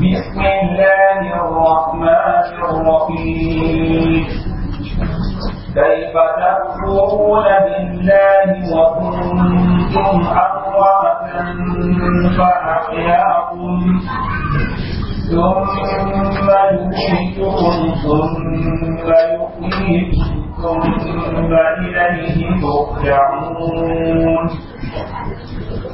بسم الله الرحمن الرحيم كيف تكفرون بالله وكنتم أمواتا فأحياكم ثم يميتكم ثم يحييكم ثم إليه ترجعون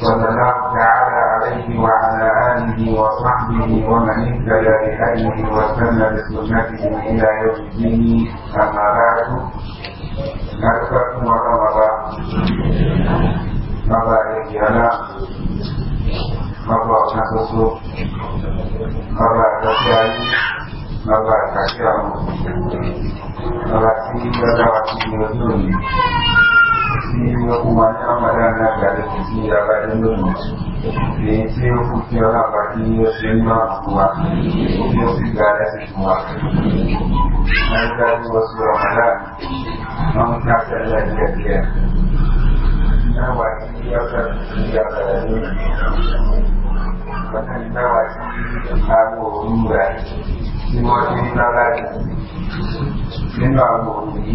صلى الله تعالى عليه وعلى آله وصحبه ومن اهتدى بهديه واستنى بسنته إلى يوم الدين أما بعد أكثركم وطلبا مبارك لنا مبارك نفسه مبارك الشاي مبارك الشام مبارك سيدي وزوجي وزوجي io kumanya amarana gada kuzinga bari no mutu ndetse yo kugira abari yo zema kuwa yo sigara se kuwa nanga wasu ramana amta kala ya ya na wati ya ka ya ka ni bakani na wati abo umura ni mo ni na ga ni na abo ni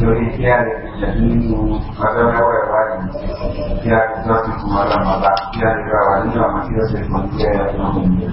Dorikiare kijijini mazao ya wali ya kutoka kumalamba ya rawani wa matiro ya kumpia ya kumpia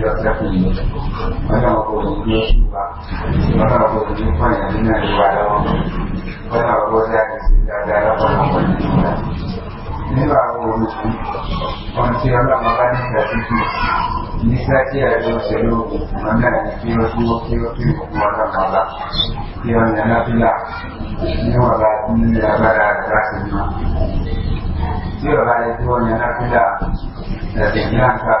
个在乎你，我想我过你念书吧，我想我过你放眼那里外头，我想我过在你在在那方面过你出来。你把我们从我们学校那么干净的进去，你在这里就写入我们那里，比如说这个对我们干嘛的，第二年的对了，你我把你来把它干什么？第二个就是原来对了，呃，怎样干？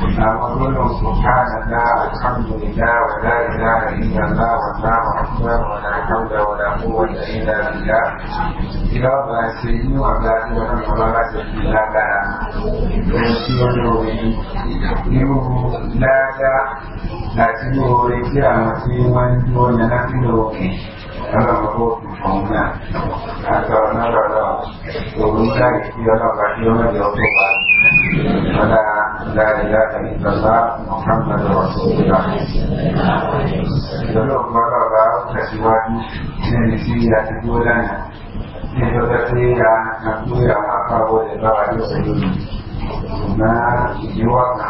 اللهم سبحانك الحمد الله والله اكبر แล้วเราก็พูดของนะแล้วก็นั่นเราเราตัวรู้ได้เที่ยวเราไปเที่ยวเราเดียวตัววันเวลาได้ได้เราทราบของท่านมาตลอดสุดเลยแล้วเราก็เราเราแต่สิวันเนี่ยมีสิ่งที่ตัวได้นะเนี่ยเราจะที่อ่านนักดูอ่านภาพเลยเราอายุสี่นะยี่วันนะ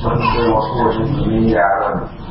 คนที่มาพูดถึงนี้อ่าน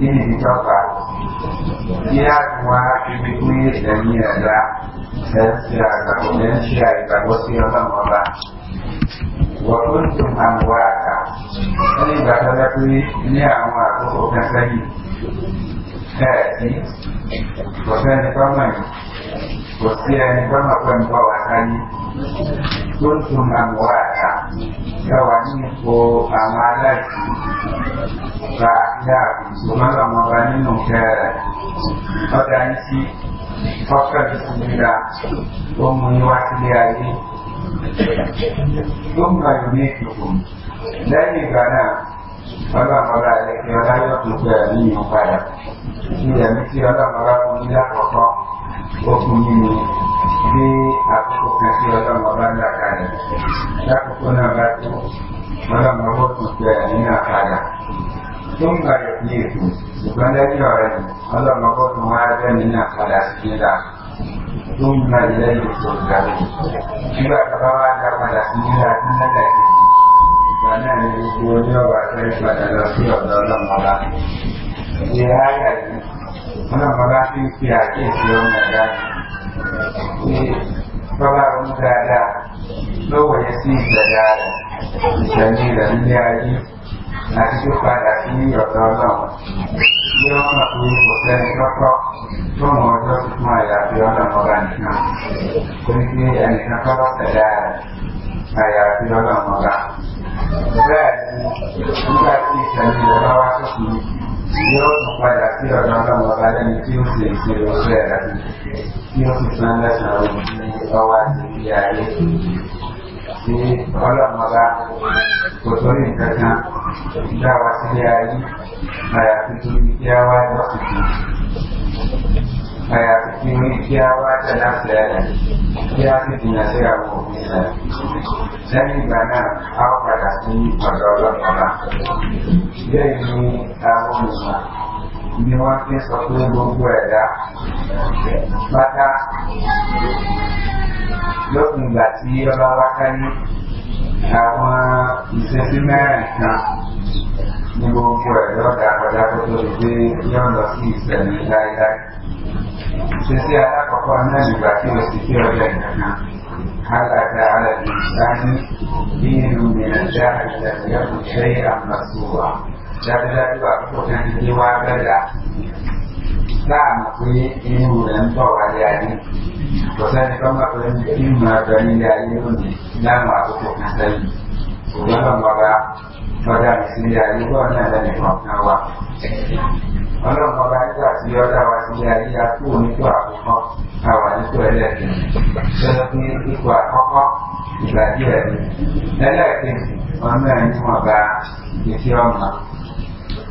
Ini ni ìjọba kí á wá ibi pé ẹ̀yìn ẹ̀dá ẹ̀sìn àgbàgbọ́ ẹ̀sìn àgbàgbọ́ sí ọlọ́run ọba wọ́n tó ń tún ini ń aku àká ní ìgbà tó dá pé ní kò sí ẹni tó mọ̀ pé ń bọ̀ wá sáyé tó ń tún máa wọ àṣà ẹ wà ní ipò àwọn aláìsí gba ìyá àbùsọ mọ́lọ́mọ́ wa nínú kẹrẹ ọ̀dà yìí sí ọ̀fẹ́ ìsinmira ó mú yíwá sílé ayé tó ń bá yìí ní ìdòkùn lẹ́yìn ìgbà náà ọlọ́mọba ẹ̀kẹ́ ọláyọ̀ tó gbẹ̀rẹ̀ nínú padà ìyẹ̀mí tí ọlọ́mọba fún mi lákọ̀ọ́kọ́. وكوني في أكو كثيرة مبادرة كان لكن باتو ولا مرور كثيرين أحدا ثم يقليل وكان يرى ولا مرور هذا من أحدا سبيلا ثم إليه ترجعون إذا تبعت أحدا سبيلا ثم تأتي Ìgbàna ni gbogbo ọjọ́ wa tẹ́lifà dára sí ọ̀dọ́ ọlọ́mọba. Ìhà yàrá muna magafin siyaƙe siyon na gani babarun dada lọ́wọ́ yẹ sí ìgbẹ̀dá rẹ̀ ìṣẹ̀lẹ̀ rẹ̀ nílé ayé àti tó padà sí ọ̀dọ́ náà bí wọ́n mọ̀ pé kò sẹ́ni lọ́kọ́ tó mọ ọjọ́ tuntun àyàfi ọ̀nà ọba nìkan kò ní pé ẹnìkan kọ́ lọ́sẹ̀dá rẹ̀ àyàfi ọ̀nà ọba bẹ́ẹ̀ ni nígbà tí ìṣẹ̀lẹ̀ rẹ̀ bá wá sókè yóò quite active around the world and it feels like it was there. It feels it's not that now we know what we are ní ọlọ́mọba kò sórí nǹkan kan dá wa sílé ayé àyàfi tó ní kí á wá lọ́sìkò àyàfi kí ní kí á wá tẹ̀lá sílẹ̀ kí á ni wọ́n ti a sọ pé gbogbo ẹ̀dá pátá lókun ìgbà tí ọba wá sáyé àwọn ìṣesí mẹ́rin kan ní gbogbo ẹ̀dá ọ̀dà padà kó tó di pé yóò lọ sí ìṣẹ̀lẹ̀ láéláé. ìṣesí alákọ̀ọ́kọ́ náà nígbà tí o sì fi ọjà ìdáná. حلت على الإنسان دين من الجاهل لم يكن شيئا مسوعا daga daga kuɗin kewa daga dama kun yi in wurin tawa yayi to sai ni kan makonin da in ma gani yayi ne na ma kuɗin kasari to wannan maga maga sun yayi ko wannan da ne kwanawa wannan maga ita su yi wata wasu yayi ya ko ni ko a kuma a wani ko ya da kin sai kun yi ko a kuma ba iya ne da da kin wannan maga ya ce wannan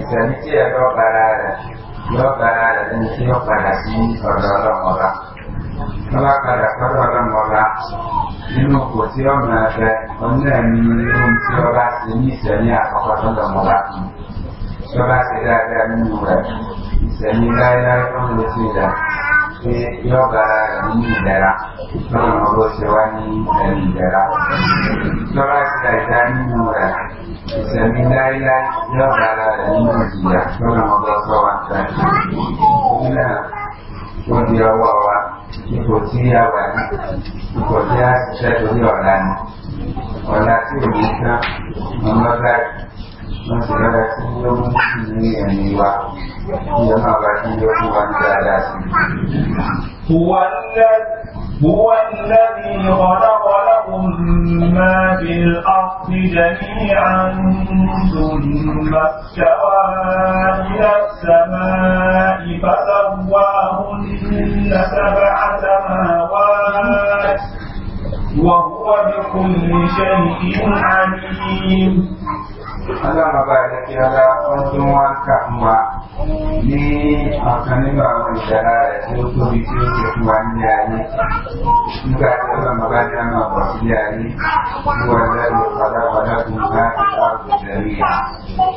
ìsẹ̀mí tí ẹ lọ bára rẹ̀ lọ bára rẹ̀ lẹ́ni tí yóò pada sí ọ̀dọ̀ ọlọ́mọba lọ́wọ́ padà sọ́dọ̀ ọlọ́mọba nínú kò tí ó máa fẹ́ onílẹ̀mí ohun tí ọba ṣe ní ìsẹ̀mí àkọ́kọ́ sọ́dọ̀ ọmọba fún tí ọba ṣe dáadáa nínú rẹ̀ ìsẹ̀mí láéláé ó ń retí rẹ̀ pé yóò bára rẹ̀ nínú ìlera lọ́wọ́ ọmọ bó ṣe wá ní ẹ̀mí ìlera tí ìsẹ̀mí láíláí yóò dára rẹ̀ nínú ìjìyà tó nà ọdọ sọ wa tẹ̀. Nígbà tó di ọwọ́ wa, ipò tí a wà ní, ipò tí a ṣiṣẹ́ torí ọ̀la ni. Ọ̀la tí ò ní tán, ọlọ́dà wọ́n sì lọ́dà tí yóò mú sí ní ẹ̀mí wa. Ìyẹn náà bá tí yóò هو الذي خلق لكم ما في الأرض جميعا ثم استوى إلى السماء فسواهن سبع سماوات وهو بكل شيء عليم. أنا ما بعدك يا أنتم ini akan bahwa bicara itu itu ketuan ini juga ada lembaga yang mengawasi dari keluarga pada pada bunga kita dari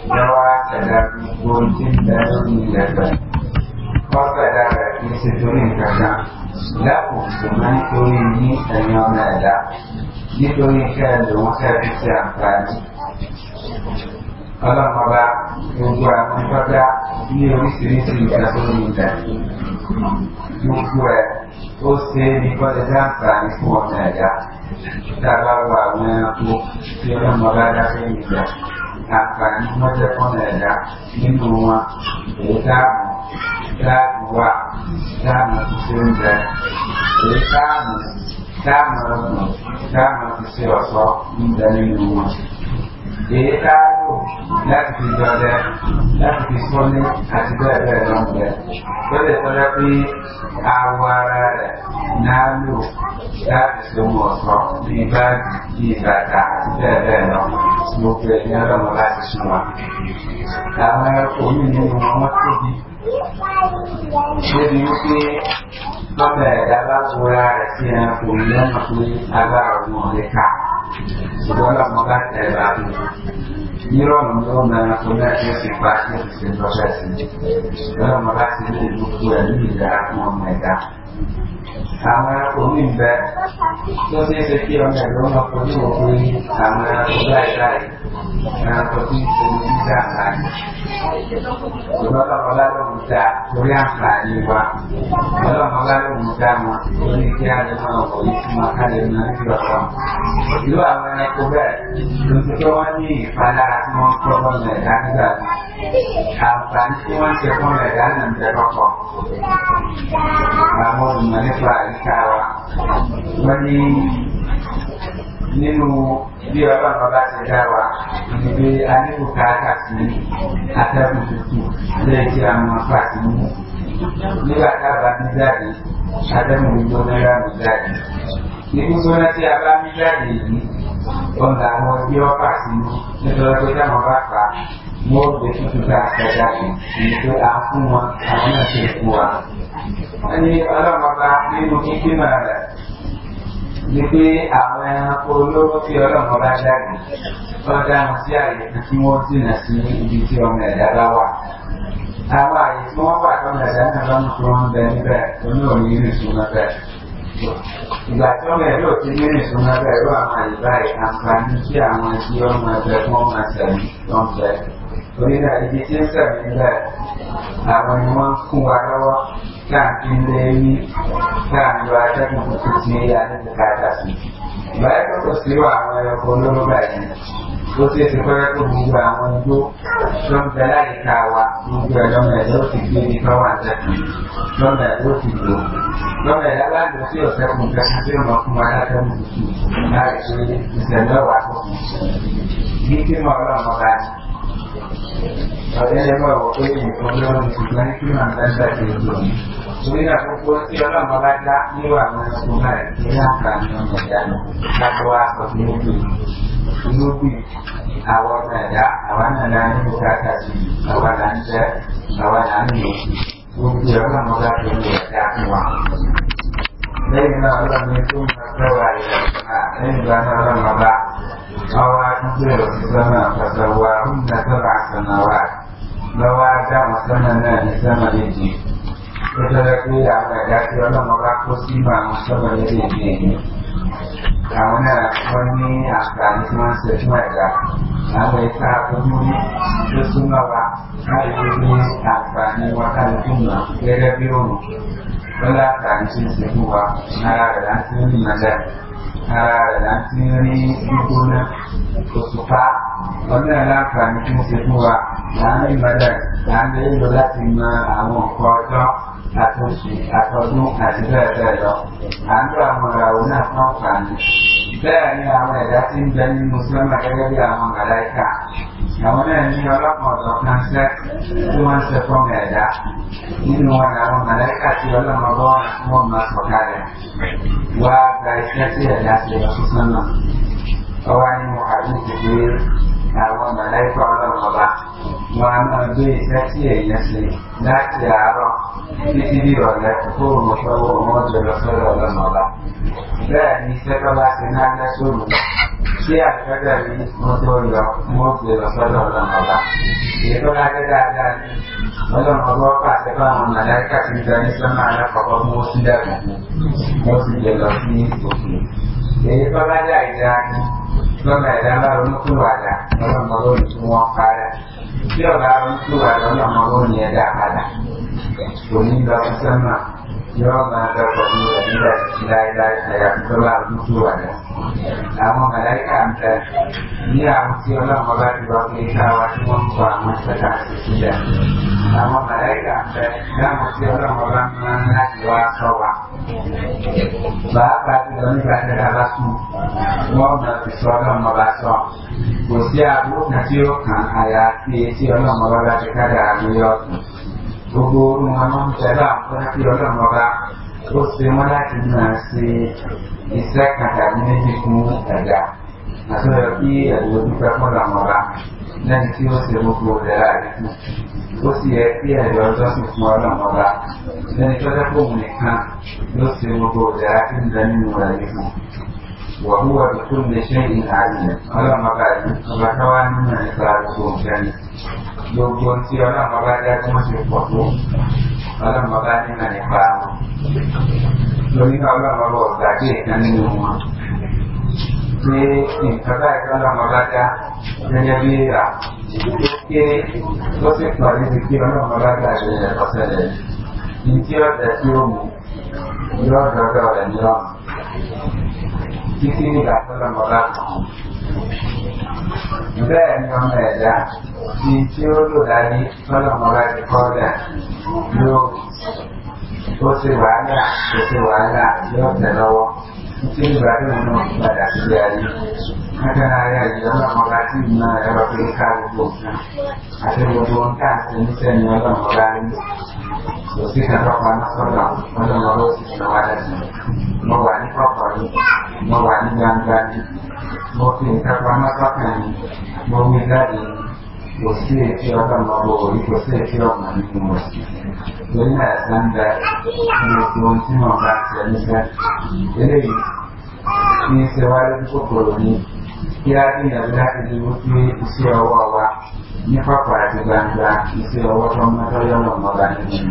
Jawa sadar gunting dan Maka ada ini sejurin Laku dengan turin ini ada nada Diturin ke rumah saya bisa angkat Kalau mabak, buat mereka e eu me senti assoluta. Nukue, você me colegiata e fornega. Dabawa wanaku, pela morada venida. Akani moja fornega, minua, etamu, dabuwa, damu kusunze. Etamu, damu, damu kusiwa so, mdani minua. èyí tá a lò láti fi dọdẹ láti fi súnlé àti bẹ́ẹ̀ bẹ́ẹ̀ lọ bẹ́ẹ̀ tó lè tọ́lá pé awọ ara rẹ̀ náà lò láti sọmọ ọ̀sán ní báàgì ní ìbàdà àti bẹ́ẹ̀ bẹ́ẹ̀ lọ tí mo fẹ́ ní ọlọ́mọ láti súnmọ́ àwọn ẹranko mi nínú wọn tóbi níbi wípé lọ́pọ̀ ẹ̀dá bá tora rẹ̀ sí ẹranko lẹ́nu pé agbára ọmọ rẹ̀ ká ṣùgbọ́n ọmọ bá tẹ̀ bá bí nírọ̀rùn ní ọmọ ẹranko náà tí ó sì pa tí ó sì ṣe lọ́sẹ̀ sí lọ́mọ bá ti ní ìlú fún ẹ̀mí ìdára fún ọmọ ẹ̀dá සාමාකුමින්ද සෝසේ සෙකියොන් දරන පොඩි මොකුයි සාමාකුලයිලයි නාපති සුමිදායි ඔබලා බලන මුදා මොරියක් පාදීවා ඔබලා බලන මුදාම ඔනි කියනවා ඔයි මහලෙන් නැතිවම ඉලවා මම කොබේ දුස්සෝවනි පාලාස් මොකෝබල දැනගා ආ ප්‍රාන්තිවන් කෙපොල දැනන් දරපො නමුත් මම ìṣàrà wọ́n ní nínú bí ọlọ́run ọba ti dá wa ní pé a nílò káàkà sí atẹ́kùn tuntun lẹ́yìn tí a mọ pàtì mú nígbà tábà ní jáde atẹ́kùn gbígbóná láàmú jáde ìgbóná tí a bá mí jáde yìí ọ̀nà àwọn ọdí ọ́pàá sí mú nítorí pé táwọn bá fà more difficult transaction nípa àfún wọn àwọn náà ṣe fún wa. wọ́n ní ọlọ́mọba nínú kíkímọ̀ rẹ̀ ni pé àwọn ẹranko olówó tí ọlọ́mọba dàgbé wọ́n dáhùn sí àyè kan kí wọ́n dènà sí ibi tí ọmọ ẹ̀dá bá wà. àwọn àyè tí wọ́n wà tọ́mọ ẹ̀dá náà lọ́nà tó wọ́n bẹ níbẹ̀ lónìí òní rìn sún lọ́bẹ̀. ìgbà tí ọmọ ẹ̀dá ò ti ní rìn sún lọ́bẹ̀ ló àwọn àyè báyìí àǹfààní kí àwọn tí ọmọ ẹgbẹ́ fún ọmọ ẹ̀sẹ̀ ní lọ́nbẹ̀ẹ́ torí náà ibi tí ń sẹ̀mí nílẹ̀ làwọn ni wọ́n ń fún wa lọ́wọ́ láàrin lé ní láàrin lọ atẹ́gùn tuntun tí a ní bùkátà sí. báyìí tó kò sí àwọn ẹranko olóró báyìí ó ṣe é ṣe fẹ́rẹ́ tó gbogbo àwọn igbó tó ń bẹ láyìíká wa gbogbo ẹ̀ lọ́mọ ẹ̀ ló ti gbé ní tọ́wọ́ àtẹ́kùn lọ́mọ ẹ̀ ló ti lò lọ́mọ ẹ̀ lábàdàn tí ọ̀sẹ̀ kùn kẹ́kẹ́ tí ó fún wa látẹ́gùn tuntun láì ṣe ìṣẹ̀lẹ̀ wà tó kù. bí kí mọ̀ ọlọ́mọ bá ti Saya juga waktu ini kemudian mengusulkan kiman dan tadi itu. Sebenarnya kumpul kiman melanda niwa mengusulkan kilakan kemudian takwa kemudian menubi awal nada awal nada ini bukan kasih awal nada awal nada kemudian melanda niwa takwa. Ini adalah orang itu ini adalah orang أواتي السماء فسواهن سبع سماوات lọ́wọ́ ajá mọ̀sánà náà ní sẹ́mà méjì ó tọ́lá pé àwọn ẹ̀dá tí ọlọ́mọ bá kó sí ìmọ̀ àwọn sọ́mà méjèèjì èyí àwọn náà wọ́n ní àǹfààní tí wọ́n ń ṣe fún ẹ̀dá àwọn ẹ̀ka ojú ní tó súnmọ́ Ah, láti rí gbígbóná òṣùpá ọdún aláǹfààní tí wọ́n ṣe fún wa láàrin ìmọ̀lẹ̀ láàrin ìlú láti mọ àwọn nǹkan ọjọ́ àtúnṣe àtọdún àti bẹ́ẹ̀ bẹ́ẹ̀ lọ. à ń lo àwọn ìràwọ̀ náà fún àǹfààní bẹ́ẹ̀ ni àwọn ẹ̀dá tí ń bẹ nínú sẹ́mà gẹ́gẹ́ bí àwọn màláìkà àwọn náà ní ọlọ́pàá kan sẹ́ tí wọ́n ń ṣe fún ẹ̀dá nínú wọn làwọn màláìkà tí ọlọ́mọ bọ́ wọn tí wọ́n máa sọ̀ká rẹ̀ wá gba iṣẹ́ tí ẹ̀dá ṣe lọ sí sọ́nà ọwọ́ nínú àdúgbò àwọn mọ̀lẹ́kọ̀ ọlọ́run ọba wọn a máa gbé iṣẹ́ tí èèyàn ṣe láti àárọ̀ títí bí ọ̀lẹ́ tó rùn sọ́wọ́ wọn jọ lọ sọ́dọ̀ ọlọ́run ọba bẹ́ẹ̀ ni iṣẹ́ tó bá ṣe náà lẹ́sọ̀rọ̀ ṣé àgbẹ̀dẹ̀ mi wọ́n tó yọ wọ́n ti lọ sọ́dọ̀ ọlọ́run ọba èyí tó bá dé dáadáa ni ọlọ́run ọba pàṣẹ fáwọn mọ̀lẹ́kà ti gba ní sọ́mà alákọ̀ọ́kọ́ fún ó sí dàgbà wọ́n ti lọ sí òkè èyí tó bá dé àìdáa ni lọ́nà ẹ̀dá bá ronú kó wà dà lọ́nà mọ́lónì tí wọ́n padà bí ọ̀gá ronú kó wà dà lọ́nà mọ́lónì ẹ̀dá padà òní lọ sí sẹ́mà. yawma taqumu populasi dan illa anta mutuwana àwọn màláìka ń tẹ ní àwọn tí ọlọ́run bá ti lọ pé ká wá tí wọ́n ń kọ àwọn dia àti orang àwọn màláìka ń tẹ láwọn tí ọlọ́run bá ń rán láti wá sọ wa. bàbá ti lọ nígbà tí a bá sùn wọ́n kan gbogbo nǹkan máa ń tẹ̀lé àkọ́lá kí ọlọ́run ọba ó ṣe wọ́n láti máa ṣe iṣẹ́ kàkà ní méjì fún ẹ̀dá àtúnyẹ̀ kí ẹ̀dùn onífẹ́ fún ọlọ́run ọba lẹ́yìn tí ó ṣe gbogbo ìlera rẹ̀ fún ó sì yẹ kí ẹ̀dùn ọjọ́ sì fún ọlọ́run ọba lẹ́yìn tó jẹ́ fóun nìkan ló ṣe gbogbo ìlera tí ń bẹ nínú rẹ̀ fún وهو بكل شيء عليم ألم بعد فكوان من إسرائيل كان gbogbo tí ọlọ́mọ bá dá tí wọ́n ti pọ̀ tó ọlọ́mọ bá nímọ̀ nípa wọn lóníkà ọlọ́mọ bá ọ̀gbàdé ẹ̀ka nínú wọn pé nǹkan báyìí ọlọ́mọ bá dá gẹ́gẹ́ bí rà kéré ó sì pọ̀ níbi kí ọlọ́mọ bá dá ìṣẹ̀lẹ̀ ọ̀sẹ̀lẹ̀ ní tí ọ̀dẹ̀ tí ó mú yóò dọ́dọ̀ rẹ̀ ní ọ̀hún títí nígbà tọ́lọ́mọ bá kàn bẹ́ẹ̀ ni ọmọ ẹ̀dá ti tí ó lò láyé lọ́nà ọmọlá ti kọ́dà ló ó ṣe wàhálà ó ṣe wàhálà yóò tẹ̀ lọ́wọ́. ඉතින් වැඩ වෙනවා වැඩක් você joga uma bola e você joga uma música. Ele é samba, ele é um último abraço, ele é ele é isso. E isso é o área do popolo, né? E a minha verdade de você, isso é o alá. Minha papai de ganga, isso é o outro amateur e o nome da gente.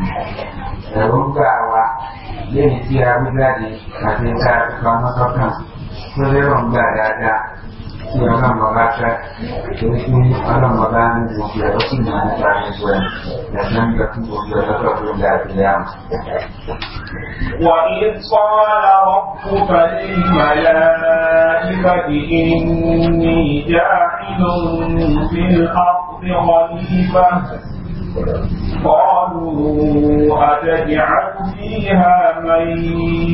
É o gawa, ele é a verdade, a gente sabe que é uma só canção. Só levamos a verdade. ที่เราทำมาว่าจะเกิดขึ้นอารมณ์บ้างบุญเดียวที่งานการเงินดังนั้นก็คือบุญเดียวก็ต้องดูแลไปแล้ววันอิสราลรับผู้ไปมาลาอิบะดิอินนีจาอิลุนฟิลอัรดิวันิบะ قالوا أتجعل فيها من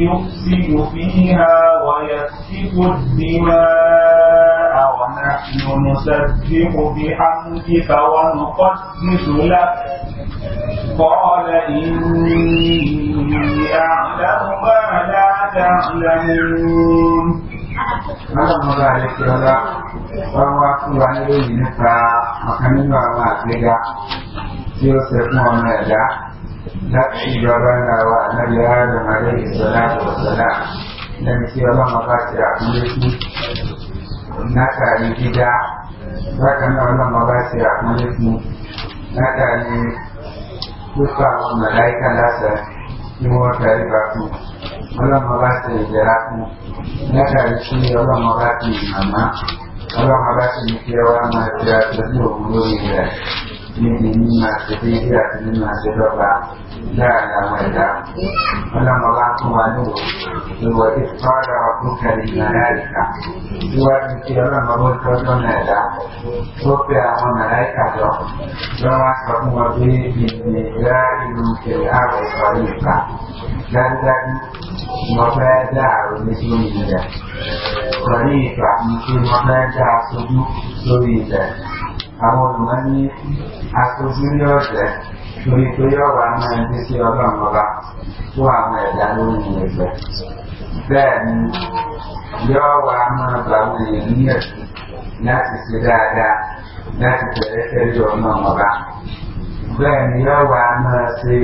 يفسد فيها ويسفك الدماء ونحن نسبح بحمدك ونقدس لك قال إني أعلم ما لا تعلمون Ọlọ́run ọba rẹ̀ ti ọlá, wọ́n wá fún wa fun tí ó ṣe fún ọmọ ẹ̀dá láti ìjọba ńlá wa ànábi adam alẹ́ ìsọlá ìwọ̀sọlá lẹ́ni tí ọlọ́mọ bá ti àkúlé sí látàrí dídá bákan náà ọlọ́mọ bá ti àkúlé sí látàrí pípa àwọn mọ̀láìkà lásán tí wọ́n tẹ̀lé bá fún ọlọ́mọ ti ìjẹra fún látàrí ti ìmàmá ọlọ́mọ bá ti máa ti àjọ òun lórí rẹ̀. นิมิตมาสิที่เกิดนิมาสิโรบะได้แล้วไม่ได้พลังมาลาคุมานุตัวที่พ่อเราคุกคดีนาได้ค่ะตัวที่เชื่อเรามาบุญคนนั้นได้ทุกอย่างมันได้ค่ะเราเรามาสักวันที่มีเรื่องมุ่งเกี่ยวกับอะไรค่ะดังนั้นมาแปลดาวในสุรินทร์วันนี้ครับมีมาแปลดาวสุรินทร์ àwọn olùmọ̀ ní aṣojú ní ọ̀sẹ̀ torí pé ọ̀wà máa ń gbé sí ọlọ́run ọba fún àwọn ẹ̀dá lórí ẹ̀fẹ̀. bẹ́ẹ̀ ni yọ̀wà máa gbà wọ́n èyí yẹ̀ láti ṣe dáadáa láti tẹ̀lé tẹ̀lé ọlọ́run ọba. bẹ́ẹ̀ ni yọ̀wà máa ṣe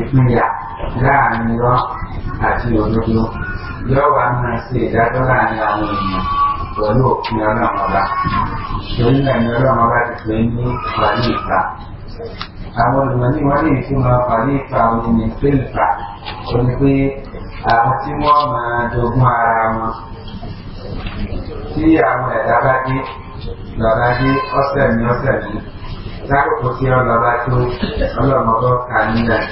ìpínyà láàrin irọ́ àti òdodo yọ̀wà máa ṣe ìdájọ́ láàrin àwọn ènìyàn. ตัวลูกเนื้อเรื่องของเราซึ่งในเนื้อเรื่องของเราจะเป็นปาริตาอาวันวันนี้วันนี้ที่มาปาริตาวันนี้เป็นปาคนที่อาที่ว่ามาดูมารามาที่อาวันนี้เราได้เราได้ออสเตรเลียออสเตรเลีย lákòókò tí ọ̀nà bá tó ọlọ́mọbọ kà nílẹ̀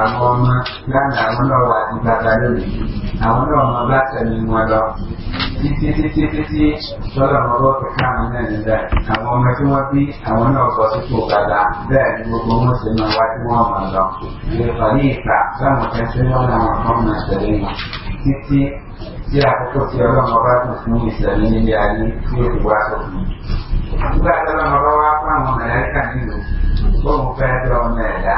àwọn ọmọ lánàá àwọn náà wà ní bàbá lónìí àwọn náà ọmọ bá tẹ̀lé wọn lọ títí títí títí ọlọ́mọbọ kẹ̀kẹ́ àwọn náà nílẹ̀ àwọn ọmọ tí wọ́n bí àwọn náà bọ̀ sípò bàbá bẹ́ẹ̀ ni gbogbo wọn sì máa wá tí wọ́n mọ̀ ya kutoka mabaki musulmi islami ne da ali ne kuwa su ba da ma rawa kwa mu na yaka ne ko mu fa da mu da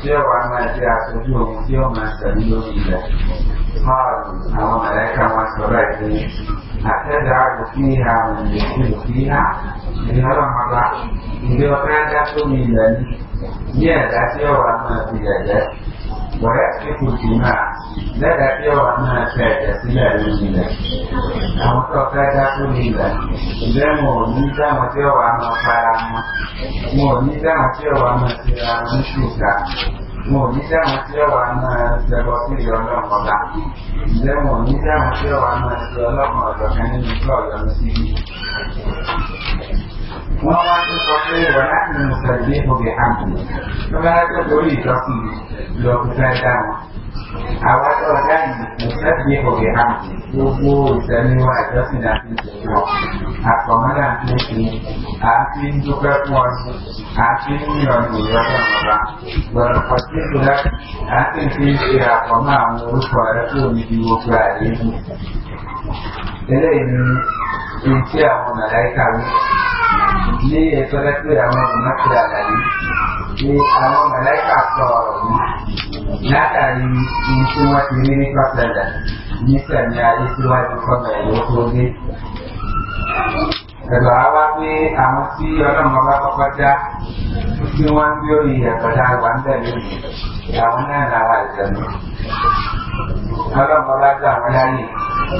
cewa na ji a su ji mu ji mu sani do ni da ha na mu na yaka ma su ba ki a ta da ku fi ha ويسلك الدماء لدى يوم ما فات سلا لله àwọn tó fẹ́ dákú nílẹ̀ ǹjẹ́ mo ò ní dáhùn tí ọ̀wà máa fara mọ́ mo ò ní dáhùn tí ọ̀wà máa ti ra ní ṣùgbà mo ò ní dáhùn tí ọ̀wà máa ṣẹbọ sí ìyọ ọlọ́mọba ǹjẹ́ mo ò ní dáhùn tí ọ̀wà máa ṣe ọlọ́mọ ọ̀dọ̀kan nínú ìgbà ọ̀yọ́ sí i. وما تستطيع ونحن نسبح بحمده فما تقولي تصير لو تفادوا àwọn tó ọ̀dá yìí kò sẹ́bí òkè hàn gbogbo ìsẹ́niwá ìjọsìn àti ìṣòro àkọ́mọ́lá ń tó ṣe àti ń dúpẹ́ fún ọdún àti ń yàn ní ìyọ́sọ̀ ọ̀gá gbọ́dọ̀ pọ̀ sí ìṣúra àti ń fi ṣe àkọ́mọ́ àwọn orúkọ rẹ̀ kó níbi gbogbo àdéhùn eléyìí ni èyí tí àwọn màláìka wí ní ètò ẹgbẹ́ àwọn ìmọ̀tìrì àlàyé ni àwọn màláìka sọ ọ̀rọ̀ yìí látàrí ohun tí wọ́n ti rí ní kọ́sẹ̀dà ní sẹ̀mí ayé síwájú kọ́sẹ̀dà yóò tó dé ẹgbà wá pé àwọn tí ọlọ́run ọba kọ́kọ́ dá tí wọ́n ń gbé orí ẹ̀gbọ̀dá wà ń bẹ̀ lónìí àwọn náà lára ìjẹ̀nu. ọlọ́run ọba dá àwọn láyè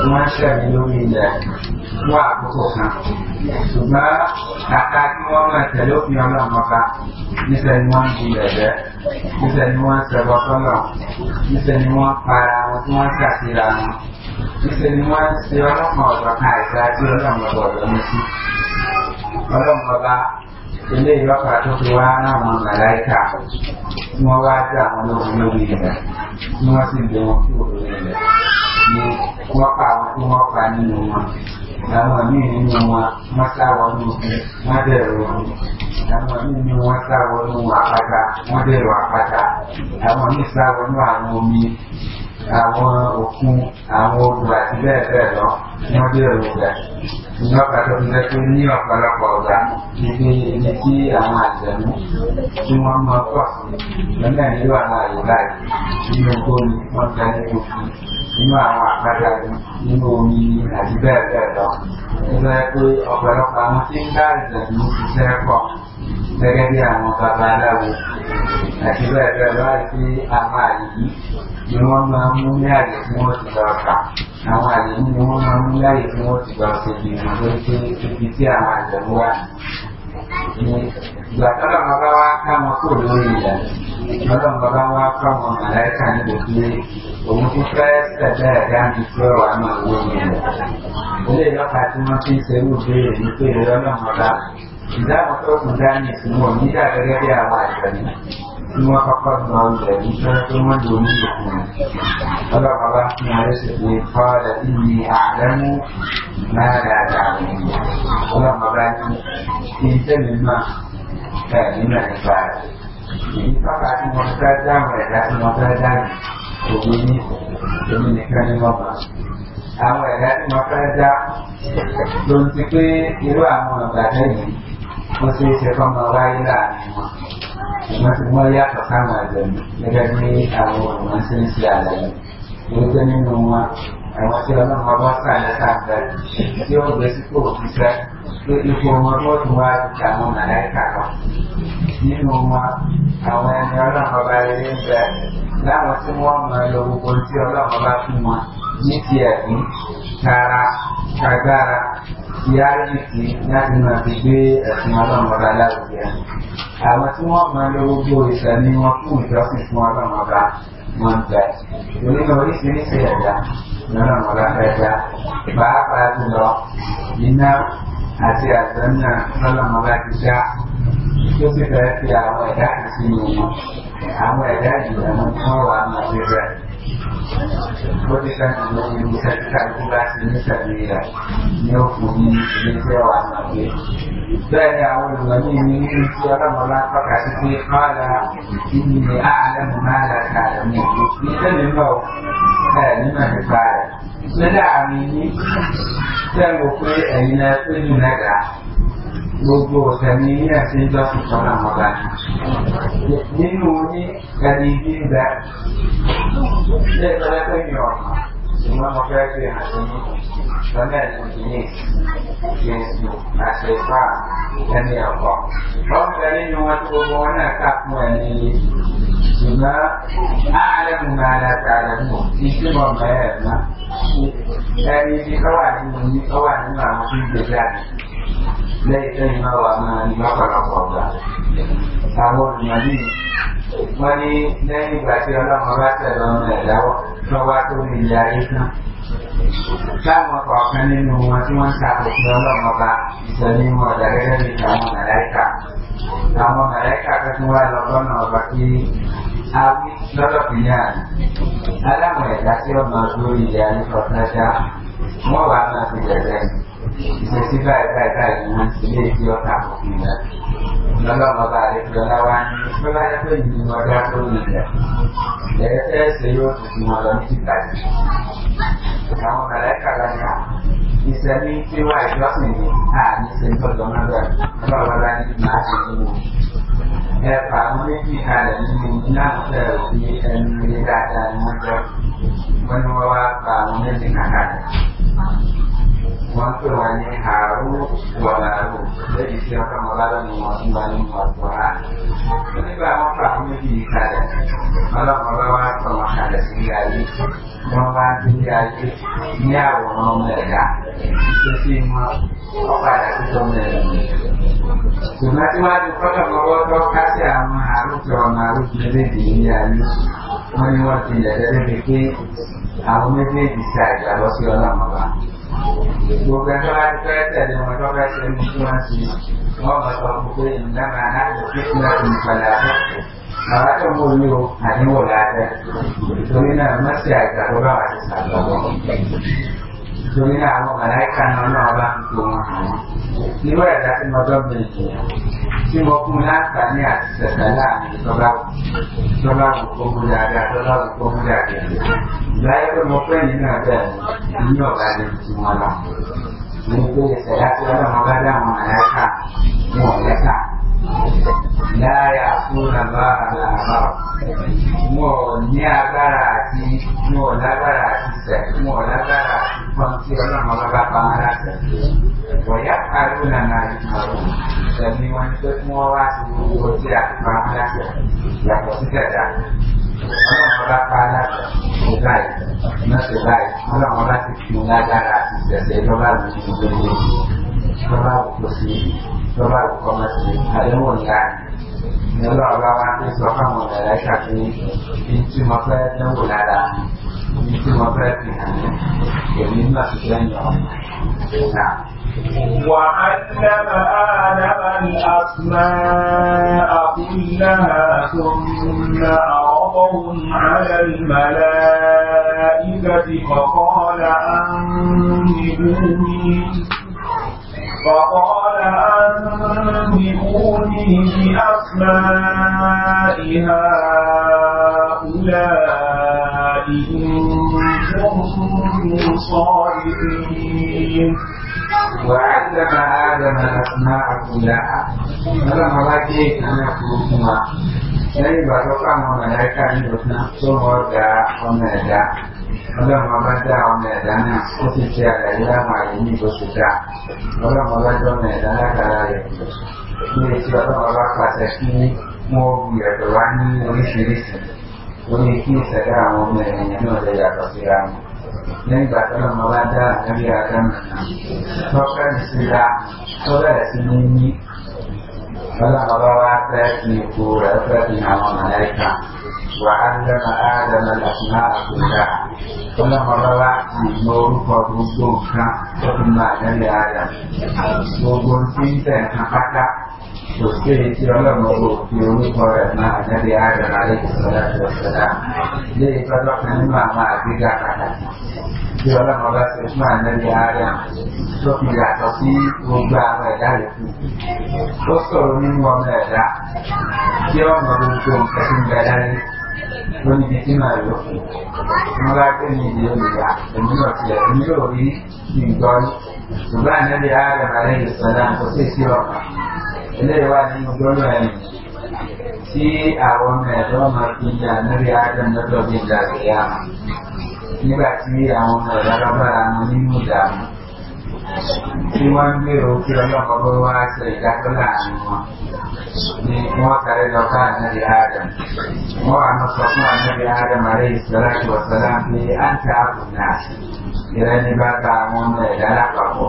tí wọ́n ń ṣẹ̀mí lórí ilẹ̀ fún àkókò kan. ṣùgbọ́n kàkà kí wọ́n máa tẹ̀lé òfin ọlọ́run ọba níṣẹ́ ni wọ́n di ẹ̀jẹ̀ níṣẹ́ ni wọ́n ṣẹ̀bọ̀ sọ́nà níṣẹ́ ni wọ́n para wọn tí wọ́n ń wọn níṣẹ́ ni wọ́n ṣe ọlọ́mọ ọ̀gbà kan àti àti ọlọ́mọ ọ̀gbà ní sí ọlọ́mọ ọba ilé ìlọ́pàá tó fi wá láwọn màláìka tí wọ́n wá dé àwọn ológun lórí ilẹ̀ tí wọ́n sì gbé wọn kúrò lórí ilẹ̀ ni wọ́n pa àwọn tí wọ́n pa nínú wọn làwọn míì nínú wọn wọ́n sá wọnú wọ́n dẹ̀rọ wọn làwọn míì nínú wọn sá wọnú àpáta wọ́n dẹ̀rọ àpáta làwọn míì sá wọnú àwọn omi àwọn òkun àwọn ogun àti bẹ́ẹ̀ bẹ́ẹ̀ lọ ní wọ́n dé òun gbà ní ọ̀pá tó fi jẹ́ pé ní ọ̀pọ̀lọpọ̀ ọ̀gá ibi ibi tí àwọn àjẹmú tí wọ́n mọ pọ̀ sí lọ́nà ìlú àwọn àyè báyìí nínú ogun ni wọ́n fẹ́ ní òfin nínú àwọn àgbàdàbí nínú omi àti bẹ́ẹ̀ bẹ́ẹ̀ lọ. Nígbà pé ọ̀pọ̀lọpọ̀ àwọn tí ń bá ìjẹ̀bù ń ṣiṣẹ́ pọ̀ gẹ́gẹ́ bí àwọn bàbá aláwo àti bẹ́ẹ̀ bẹ́ẹ̀ lọ àti àwọn àyè yìí ni wọ́n máa ń mú ní àyè tí wọ́n ti lọ kà. Àwọn àyè yìí ni wọ́n máa ń mú láyè tí wọ́n ti lọ ṣe ìgbìmọ̀ lórí pé ibi tí àwọn àjẹ̀mú wà ìgbà tọ́lọ̀ bàbá wa ká wọn kó lórí ìyá tọ́lọ̀ bàbá wa ká wọn màláìka níbo pé òun tún fẹ́ ṣẹ̀dá ẹ̀dá mi tí ọ̀rọ̀ àmọ́ owó mi rẹ̀. ilé ìlọ́ka tí wọ́n ti ń ṣerú béèrè ní pé ìrọ́lọ́mọba ìdáàbòtò kùn dání ìsìnkú òní dàgẹ́gẹ́ bí àwọn àjọ ni tí wọ́n kọ́kọ́ gba ọjà yìí fẹ́ tó wọ́n di oníṣòkùnrin ọlọ́pàá bá fún wọn lẹ́sẹ̀ pé fọ́ọ̀dà ìní àdánù náà dáadáa ọlọ́pàá bá ní kí n tẹ́lẹ̀ náà ẹ̀ nínú ẹ̀ka rẹ̀ èyí pápá tí wọ́n fẹ́ dáhùn ẹ̀dá tí wọ́n fẹ́ dáhùn òwe ní èmi nìkan ní wọ́n máa àwọn ẹ̀dá tí wọ́n fẹ́ dá ló ń ti pé irú àwọn ọ̀gá wasu siapa kan mawari da masu kuma ya ka kama da daga ne a wannan sun siya yang yi wajen yin noma a wasu ranar ma ba sa na sa da sai wanda su ko kusa ko iko ma ko kuma ta mu na da ka ba ni semua a wannan ranar ma ba da yin da na wasu ni tiya ni tara yáàdì tí láti máa fi gbé ẹ̀sìn ọlọ́mọba lárugẹ. Àwọn tí wọ́n máa lọ gbogbo ìṣẹ́ ni wọ́n fún ìjọsìn fún ọlọ́mọba wọn gbà. Oníkan oríṣiríṣi ẹ̀dá lọ́lọ́mọba fẹ́ dá. Pàápàá jùlọ iná àti àgbẹ̀nà lọ́lọ́mọba ti dá. Tó sì fẹ́ fi àwọn ẹ̀dá àti sínú wọn. Àwọn ẹ̀dá ìgbìyànjú tí wọ́n wà máa fi bẹ̀rẹ̀ lórí sáàtì lórí ibi sáàtì káàkiri bá ti ní sàlẹ̀ rà ní òkú ní iléeṣẹ́ wa sàlẹ̀. bẹ́ẹ̀ ni àwọn ènìyàn ní ní nínú tí ọlọ́mọlá tọ́ka sí pé kọ́ọ̀lá ìní ni àálẹ́mú máa la sàlẹ̀ ní ìlú ní sẹ́mi lọ ẹ̀ nínú nípa rẹ̀. nígbà mi ní sẹ́mi ò pé ẹ̀yin náà pé nínú ẹ̀dá gbogbo ọ̀sẹ̀ ní ilé ẹ̀sẹ̀ ìjọ sì sọ́nà ọ̀gá nínú ní gani gbígbà ilé ìtọ́lẹ́ pé mi ọ̀nà ìmọ̀ mo fẹ́ gbé àti ní lọ́nà ìdílé jésù àti ìfà ẹni ọ̀pọ̀ wọ́n fẹ́ nínú wọn tí gbogbo wọn náà kà fún ẹ̀ ní ṣùgbọ́n ààrẹ mu máa ra tààrẹ mu kí sí mọ̀ mọ́ ẹ̀ náà ẹni tí kọ́wà nínú àwọn tó ń gbé jáde. ได้ได้มาวันนี้มาประกอบกันทางวันนี้วันนี้ได้ปฏิบัติธรรมวัดแต่ตอนนี้แล้วเพราะว่าตัวมีใจนะถ้ามาขอกันในหนูมาที่วันสาบเรื่องเรามาบักจะนี่มาได้ได้ดีทำอะไรกันทำอะไรกันก็คือว่าเราต้องมาบักที่อาวิสระปัญญาอะไรมาได้ที่เรามาดูดีใจก็ได้จ้าเมื่อวานมาที่เด็ก其实是在在在我们职业需要大部分的，那那么大的河南湾，河南会你们家都理解，也在使用自己我们去改，然后呢来看看看，你生命最外表是你啊，你生活中那个，那我让你拿起你。ya faru da ke kada ni na da ni dan ni da da ni da wani wawa faru da ke kada Jadi Ini ada. watu wenye harufu wanarufu ebisira kamagala nimumanyi muwakurani nibamafahumibiyikala balama babantu amahadasigali n'abantu byali harus n'omwega ekyokimu okwala kutomeramu ini. wali pakamogoto kasi amaharufu wanarufu nebebinyali mulimu otinjaterebeke abo mebebisaja abasibalamabantu gbogbo ẹjọ́ láti fẹ́ tẹ̀lé wọn tó fẹ́ ṣe mú kí wọ́n ti wọ́n bá sọ fún pé ìdábàá náà lè fi sílẹ̀ fún ìpàdé àfẹ́. Bàbá tó mú orí o, àníwò láàbẹ̀. Torí náà, mọ́sí àìgbàgbọ́ bá wà ní sàlọ́wọ́ domin àwọn màláìka náà náà bá ń gbọ́ wọn hàn nírú ẹ̀dá tí mo dọ́gbìn ènìyàn tí mo fún láǹfààní àti sẹ̀sẹ̀ láàrin tọ́lá tọ́lá òkú mú dáadáa tọ́lá òkú mú dáadáa ìgbáyé ni ti wọn lọ. mo ń pè é sẹ̀dá tí láyà fún agbára làbá wọn ò ní agbára àti wọn ò lágbára àti sẹ wọn ò lágbára àti pọn tí ọlọ́run ọba bá pa wọn láti bọ̀yá parí nàná ìmọ̀ràn ẹ̀mí wọn pé kí wọ́n wá sí gbogbo tí a ti pa wọn láti yàtọ̀ sí dẹ̀dá ọlọ́run ọba pa láti ṣe báyìí mọ́tò báyìí ọlọ́run ọba ti fi lágbára àti sẹ̀sẹ̀ lọ́ba lójú gbogbo babu musulmi da babu kuma musulmi a dalilin gani na lọ́ọ̀lọ́wọ́ tó sọ fáwọn ọ̀rẹ́ ṣàfihàn ní tí mo fẹ́ dánwò lára ní tí mo fẹ́ fi hàn ní èmi náà ti lẹ́yìn ọ̀nà. وعلم آدم الأسماء كلها ثم عرضهم على الملائكة فقال أنبئوني فقال أنبئوني بأسماء هؤلاء إن كنتم صادقين وعلم آدم الأسماء كلها فلما رأيت أنا كلهما sai ba ta kama malaika ne ba ọlọ́run ọba ọmọ ẹ̀dá náà ó sì ṣe àlàyé láwọn àyè ní oṣù dá ọlọ́run ọba ọmọ ẹ̀dá lágbára rẹ̀ ní etí ọlọ́run ọba pàṣẹ kí wọ́n wu ẹ̀dọ̀ wá ní oríṣiríṣi orí kí ìṣẹ̀dá àwọn ọmọ ènìyàn náà lè yàtọ̀ síra wọn lẹ́yìn ìgbà tó lọ́mọ bá dá àgbáyé adámọ̀ náà lọ́pẹ́ ní síra tó bẹ̀rẹ̀ sí ní ní ọlọ́run ọba wá fẹ́ fi ipò rẹ̀ fẹ́ fi وعلم آدم الأسماء كلها ثم قرر نور فبوسوك ثم نبي آدم وقل فيك حقك Sosai ti ọlọ́run ọgbọ̀ fi orúkọ rẹ̀ máa jáde ààrẹ ààrẹ ìṣọ́lá ìṣọ́lá lé ìtọ́jọ́ kan nínú àwọn àgbéga pàtàkì tí ọlọ́run ọba ṣe fún ànábi ààrẹ tó fi yàtọ̀ sí gbogbo àwọn lórí tí máa lò fún un bá pé ní ìdí olùgbà èmi náà tilẹ̀ èmi náà rí nǹkan ṣùgbọ́n ànábi ààrẹ ààrẹ ìsọ̀lá kò sí sí ọkà eléyìí wà nínú gbọ́dọ̀ ẹ̀mí tí àwọn ọmọ ẹ̀dọ́ máa fi ní ànábi ààrẹ lọ́dọ̀ bí ìdàgbéyà nígbà tí àwọn ọmọ ẹ̀dọ́ bá ra wọn nínú ìdààmú Imandiro kiranya bahwa serigala ni semua tare dokan Nabi Adam. Semua anak sosok Nabi Adam alaihi salatu wassalam ni anta abun nas. Kiranya bata amuna dalam kamu.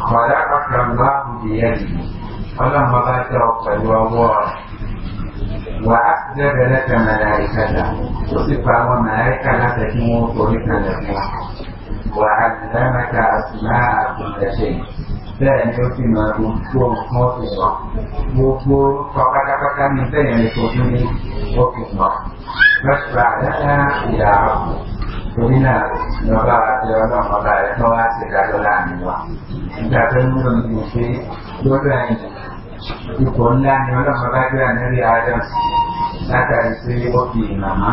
Khalaqaka Allah biyadihi. Allah mabata rabbal wa huwa وأسجد لك ملائكته وصف ملائكة لك تموت لك لك وعلمك أسماء كل شيء bẹ́ẹ̀ ni ó fi máa ń kó ọmọ fi sọ gbogbo pátápátá ní bẹ́ẹ̀ ni kò tún ní ó fi sọ lọ́sùpá dáadáa ìyá ọ̀pọ̀ torí náà lọ́ba àti ọlọ́mọ ọba rẹ̀ tó wá sí ìdájọ́ láàrin wa nígbà tó ń lò ní pé lọ́dọ̀ ẹ̀yìn ipò ńlá ni ọlọ́mọ bá gbé ànírí adam sí látàrí pé ó fi ìmàmá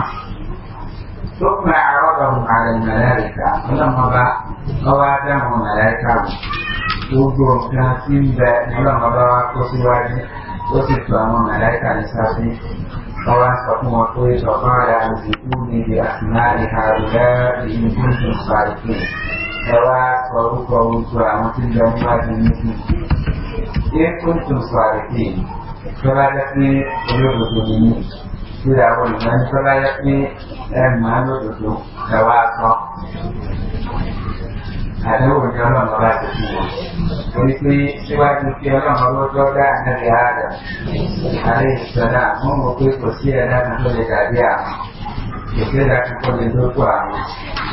ثم عرضهم على الملائكة ولما بقى قوادهم الملائكة وجوه كاسين بقى ولما بقى قصواني وصفهم الملائكة لساسين طبعا سقوم وطوي فقال أنزلوني بأسماء هؤلاء إن كنتم صادقين سواء صاروخ ووجوه أمتن جمعات المسلمين إن كنتم صادقين فلا تكفي قلوبكم مني ที่เราเหมือนพระราชนี้แต่เหมือนรู้สึกแต่ว่าก็อาจจะวุ่นยามเราไม่ได้ตัวนี้คือที่ว่าที่เกี่ยวกับเราเราได้ในเรื่องอะไรแต่ละมุมก็คือเสียได้ในตัวเดียวกัน也是来看过人都过来，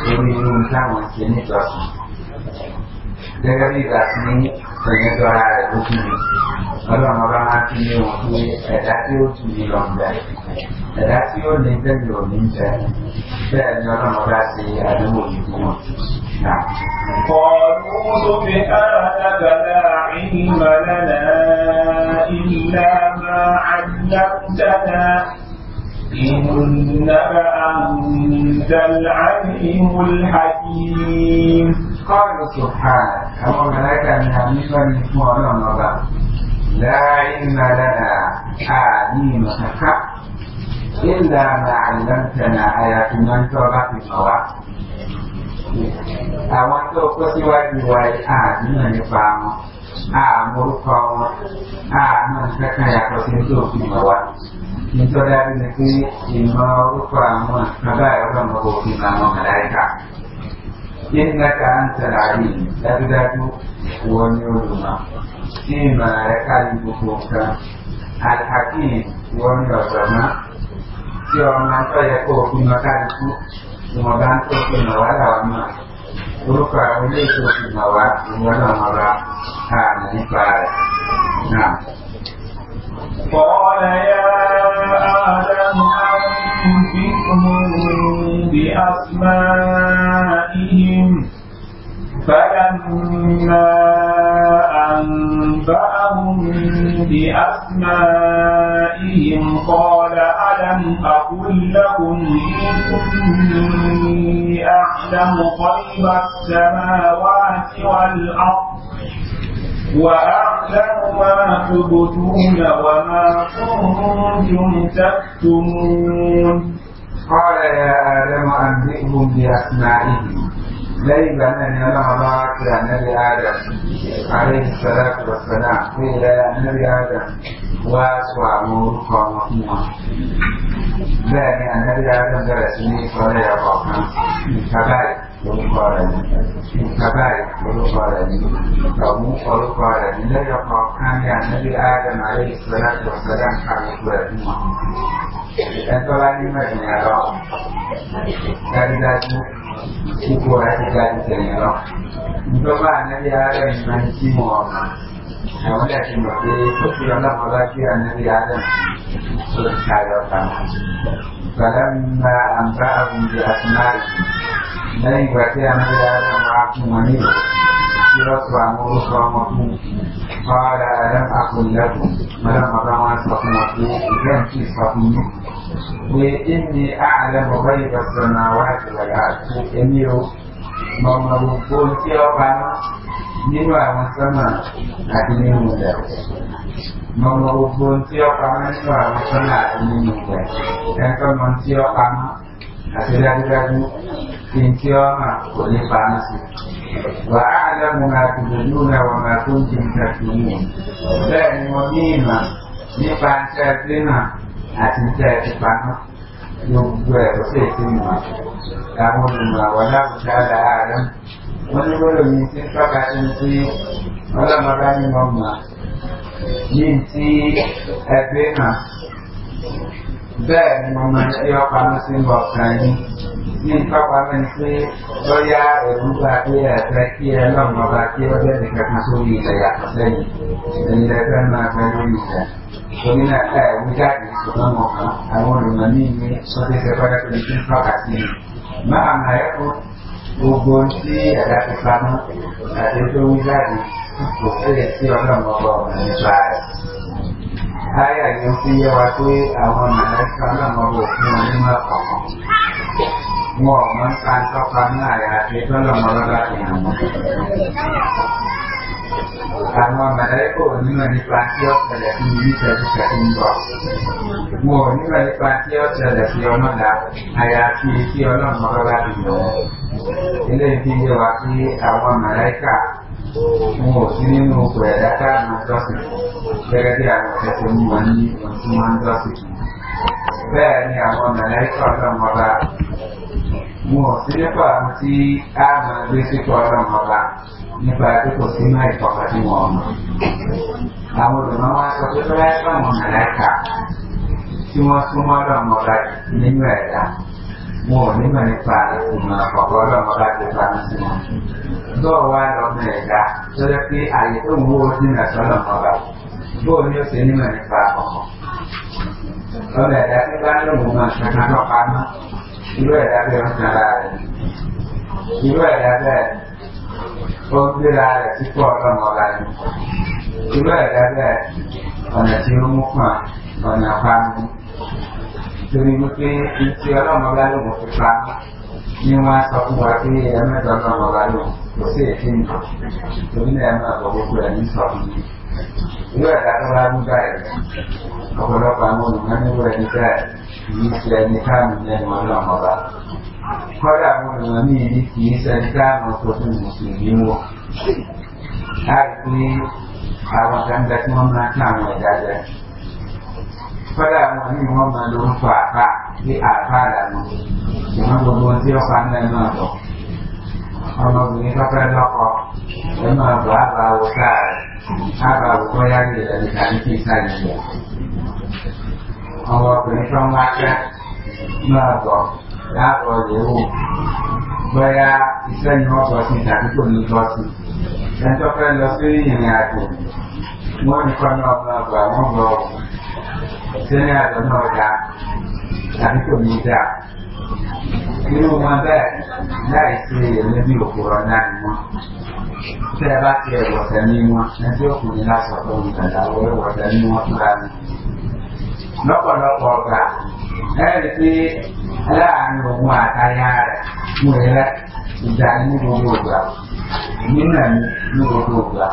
因为我们上网写那个，那个例子是。ìyẹn tó ara rẹ̀ tó fún mi ọlọ́run ọba máa fi ní wọn pé ẹ̀dá tí ó tún ní lọ ń bẹ ẹ̀dá tí ó ní bẹ́ẹ̀ ò ní bẹ bẹ́ẹ̀ ni ọlọ́run ọba ṣe àdúgbò yìí fún wọn. قالوا سبحانك لا علم لنا إلا ما إنما أنت العليم الحكيم قال سبحانه أو ملكا حديثا اسمه النظر لا علم لنا حليمك إلا ما علمتنا يا من تربة الصلاة àwọn tó kó síwájú wa àníyàn nípa wọn àmúrúkọ wọn àmọ́ nǹkan kan yàtọ̀ sí tó fi mọ̀ wá. nítorí àdìsí pé ìmọ̀ orúkọ àwọn àbá ẹ̀rọ ọmọkò fi mọ àwọn màláìka. Yéńdà ká ń tẹ̀lé àyè dájúdájú wọ ní olùmọ̀. Ní ìmọ̀ rẹ̀ káyí gbogbo nǹkan. Àkàkín wọ ní ọ̀jọ̀gbọ́n. Tí ọmọ قال يا آدم أنبئهم بأسمائهم فلما أنبأهم بأسمائهم قال ألم أقل لكم إني أعلم غيب السماوات والأرض وأعلم ما تبدون وما كنتم تكتمون قال يا آدم أنبئهم بأسمائهم ليس أن يلعب يا نبي آدم عليه الصلاة والسلام قيل يا نبي آدم wa وسوامو خامو Dari anda tidak akan sampai sini kepada ya Allah Kabar Lalu kuala ini Kabar Lalu kuala ini Kamu Lalu kuala ini Dari ya Allah Kami anda tidak akan Mari Selat Dan sedang Kami kuala ini Dan kuala ini Masih ya Allah Dari tadi Ibu Rasa Dari tadi ya Allah Untuk anda tidak akan Mari Simu Allah àwọn dẹ̀ ti mọ̀ pé òfin ọlọ́pàá bá kí ànábì adam tó ti ṣàyọ̀ pàmò gbàdámà àǹfà àgùnjẹ àtúnáàjì lẹ́yìn ìgbà tí ànábì adam wá fún wọn nílò tí lọ́pọ̀ àwọn orúkọ ọmọ fún fọ́ọ̀rọ̀ adam àkùnlẹ́kùn mọ́lọ́mọ́ bá wọn sọ fún wọn pé ìgbẹ́ ń kí sọ fún mi pé èmi àlẹ́mọ̀ bá ìbọ̀sọ̀ náà wá ìgbàlá èmi ò mọ̀ mọ̀ gbogbo tí ọ nínú àwọn sọ́nà àti nínú rẹ̀. Mo mọ gbogbo tí ó pamọ́ nínú àwọn sọ́nà àti nínú rẹ̀. Ẹ̀kọ́ mọ tí ó pamọ́ àti dájúdájú kí n tí ó mà kò ní pamọ́ sí. Wà á lẹ́mu máa ti lòlú rẹ̀ wọ̀ máa tó ń di nǹkan tó mú. Bẹ́ẹ̀ ni mo ní ìmọ̀ nípa iṣẹ́ ẹgbẹ́ náà àti iṣẹ́ ẹgbẹ́ pamọ́. Gbogbo ẹ̀ ló sì ti mọ̀. Àwọn olùmọ̀ àwọn láwùjọ àlàáfíà wọ́n ní gbọ́dọ̀ ní tí ń tọ́ka ẹni tí ọlọ́mọba ní mọ̀ gbà ní ti ẹgbẹ́ hàn bẹ́ẹ̀ ni mo máa ń ṣe ọ̀pá mi sí ń bọ̀ kàn yín ní tọ́pa mi sí lọ́yà ẹ̀rú bá dé ẹ̀fẹ́ kí ẹ lọ́mọba kí ó bẹ́ẹ̀ ní kankan sórí ilẹ̀ yàtọ̀ sẹ́yìn ẹ̀yin lẹ́fẹ́ máa fẹ́ lórí ilẹ̀ torí náà ẹ̀ wí jáde ṣùgbọ́n mọ̀ kan àwọn olùmọ̀ ní ìwé sọ́dẹ́sẹ̀ fọ́dẹ́ pẹ̀lú tí sí i máa máa ẹ̀kọ́ gbogbo tí ẹ̀dá ti pamọ́ àti tó ń jáde kò sílẹ̀ sí ọlọ́run ọba ọ̀nà nípa rẹ̀. Táyà ni ó fi yẹ wa pé àwọn mọ̀lẹ́ka náà mọ bò fún wọn nínú ẹ̀kọ́ kan. Wọn ò ń pa ń tọ́pa ní àyà àti tọ́lọ̀ mọ́ lọ́dọ̀ àti àwọn. Karma mereka ni manipulasi pada ini jadi ketimbang. Mau ni manipulasi pada siapa dah ayat si siapa mereka bino. Ini tinggi waktu karma mereka. Mau sini mau berada mantrasi. Jadi aku kesembuhan untuk mantrasi. Baik ni àwọn mẹ̀lẹ́kì ọlọ́mọ bá wọn ò sí nípa àwọn tí a máa gbé nípa pé kò sí náà ìtọ́ka tí wọ́n mọ̀. Àwọn olùmọ̀ wá sọ pé bẹ́ẹ̀ sọ̀mù mẹ̀lẹ́kà tí wọ́n súnmọ́ lọ́mọba nínú ẹ̀dá. Wọn ò ní mọ̀ nípa ìmọ̀ ọ̀pọ̀ lọ́mọba tó pamọ́ sí wọn. Bọ́ọ̀ wá lọ́mọ ẹ̀dá tó yẹ pé àyè tó ń wó sínú ẹ̀sọ́ lọ́mọba. Bọ́ọ̀ ni ó ṣe nímọ̀ nípa ọ̀pọ̀. Lọ́mọ ẹ̀dá tí bá lóun mọ̀ ṣàkàtọ̀ pamọ́. Irú ẹ̀dá bẹ́ẹ̀ ń ó gbéra rẹ̀ sípò ọlọ́run ọba ni. irú ẹ̀dá bẹ́ẹ̀ ọ̀nà tí ó mú fún à ọ̀nà pamọ́ torí wípé ti ọlọ́run ọba ló mọ̀ fi pamọ́ ní wọ́n á sọ fún wa pé ẹ mẹ́ta ọlọ́run ọba ló kò sí èké nù torí náà ẹ máa bọ̀ gbogbo ẹ̀ ní sọ fún mi. irú ẹ̀dá tó bá mú báyìí ọ̀pọ̀lọpọ̀ àwọn olùmọ̀ níwọ̀ ẹni bẹ́ẹ̀ kì í ṣe ẹni káàmì kọ́dà àwọn ìwọ̀n ní kì í sẹ́ni dáàmú ọkọ̀ fún mùsùlùmí wọ̀. a rí pé àwọn kàńdà tí wọ́n máa ń tán àwọn ẹ̀dá jẹ. kọ́dà àwọn ní wọ́n máa ló ń fọ àbá ní àbá àdàmú. ìwọ́n gbogbo tí ó fa ńlẹ̀ náà lọ. ọmọbìnrin pápá lọ́kọ ẹ máa bọ̀ àbá wò sáà àbá ní kí n tó ń wá jẹ́ máa bọ̀ láàbọ̀ rẹ̀ wò bóyá iṣẹ́ ni wọ́n sọ sí tàbí kò ní lọ sí ẹni tó fẹ́ lọ sí ìrìn àjò wọ́n ní kọ́ náà bá bọ̀ àwọn bọ̀ sínú àjọ náà dá tàbí kò ní dá irú wọn bẹ́ẹ̀ láì sí èmi bí òkúrọ̀ náà ni wọ́n tẹ́ ẹ bá ti ẹ̀wọ̀ tẹ̀lé wọn ẹjọ́ ọkùnrin lásán tó ń tẹ̀lé àwọn ẹ̀wọ̀ tẹ̀lé wọn fúnra mi lọ́pọ̀lọpọ̀ ọ̀gá ẹ̀rí pé láàrin òun àtayá rẹ̀ mú ẹlẹ́ ìjà ní gbogbo ìgbà nínà ní gbogbo ìgbà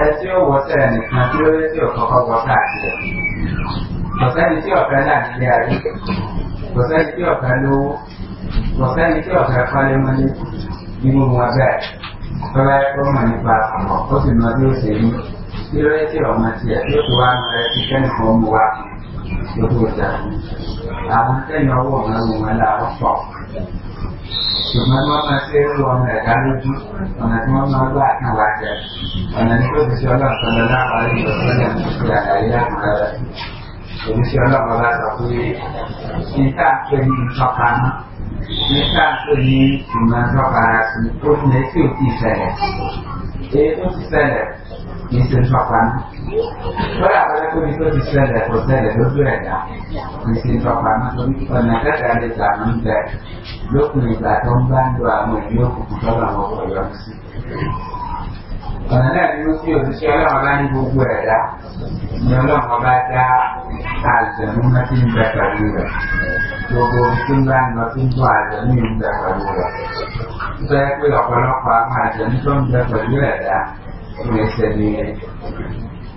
ẹ tí ó wọ́sẹ̀ nìkan tí ó lé tí ọ̀kọ́kọ́ wọ káàkiri kọ̀sẹ́ni tí ọ̀fẹ́ náà nílé ayé kọ̀sẹ́ni tí ọ̀fẹ́ lówó kọ̀sẹ́ni tí ọ̀fẹ́ kọ́lé mọ́lé nínú wọn bẹ́ẹ̀ tọ́lá ẹ̀kọ́ mọ̀ nípa ọ̀pọ̀ ó sì mọ bí ó ṣe ní tí ó lé tí ọmọ tiẹ̀ tí ó fi wá mọ̀ ẹ ti kẹ́nìkan mú wa kù. 就不会这样。啊，这样我们我们俩爽。Cuma kami cuma mama itu insyaAllah Cuma Vincent Chopin. Đó là cái tôi đi tôi đi xem để tôi xem để tôi đưa lại đã. Vincent Chopin tôi đi phần này các đại đệ giả mình để lúc mình là thông ban và mình yêu của chúng ta là một người đó. Phần này thì nó siêu thì siêu là mà đang vô quê đã. Nhớ là mà ba cha à giờ mình đã tin về cả đi rồi. Vô vô tin ban tin tòa giờ mình đã cả đi rồi. Thế quy lọc và lọc và mà mình không ra khỏi dưới lại đã. ìwé ìṣẹ̀lẹ̀ yẹn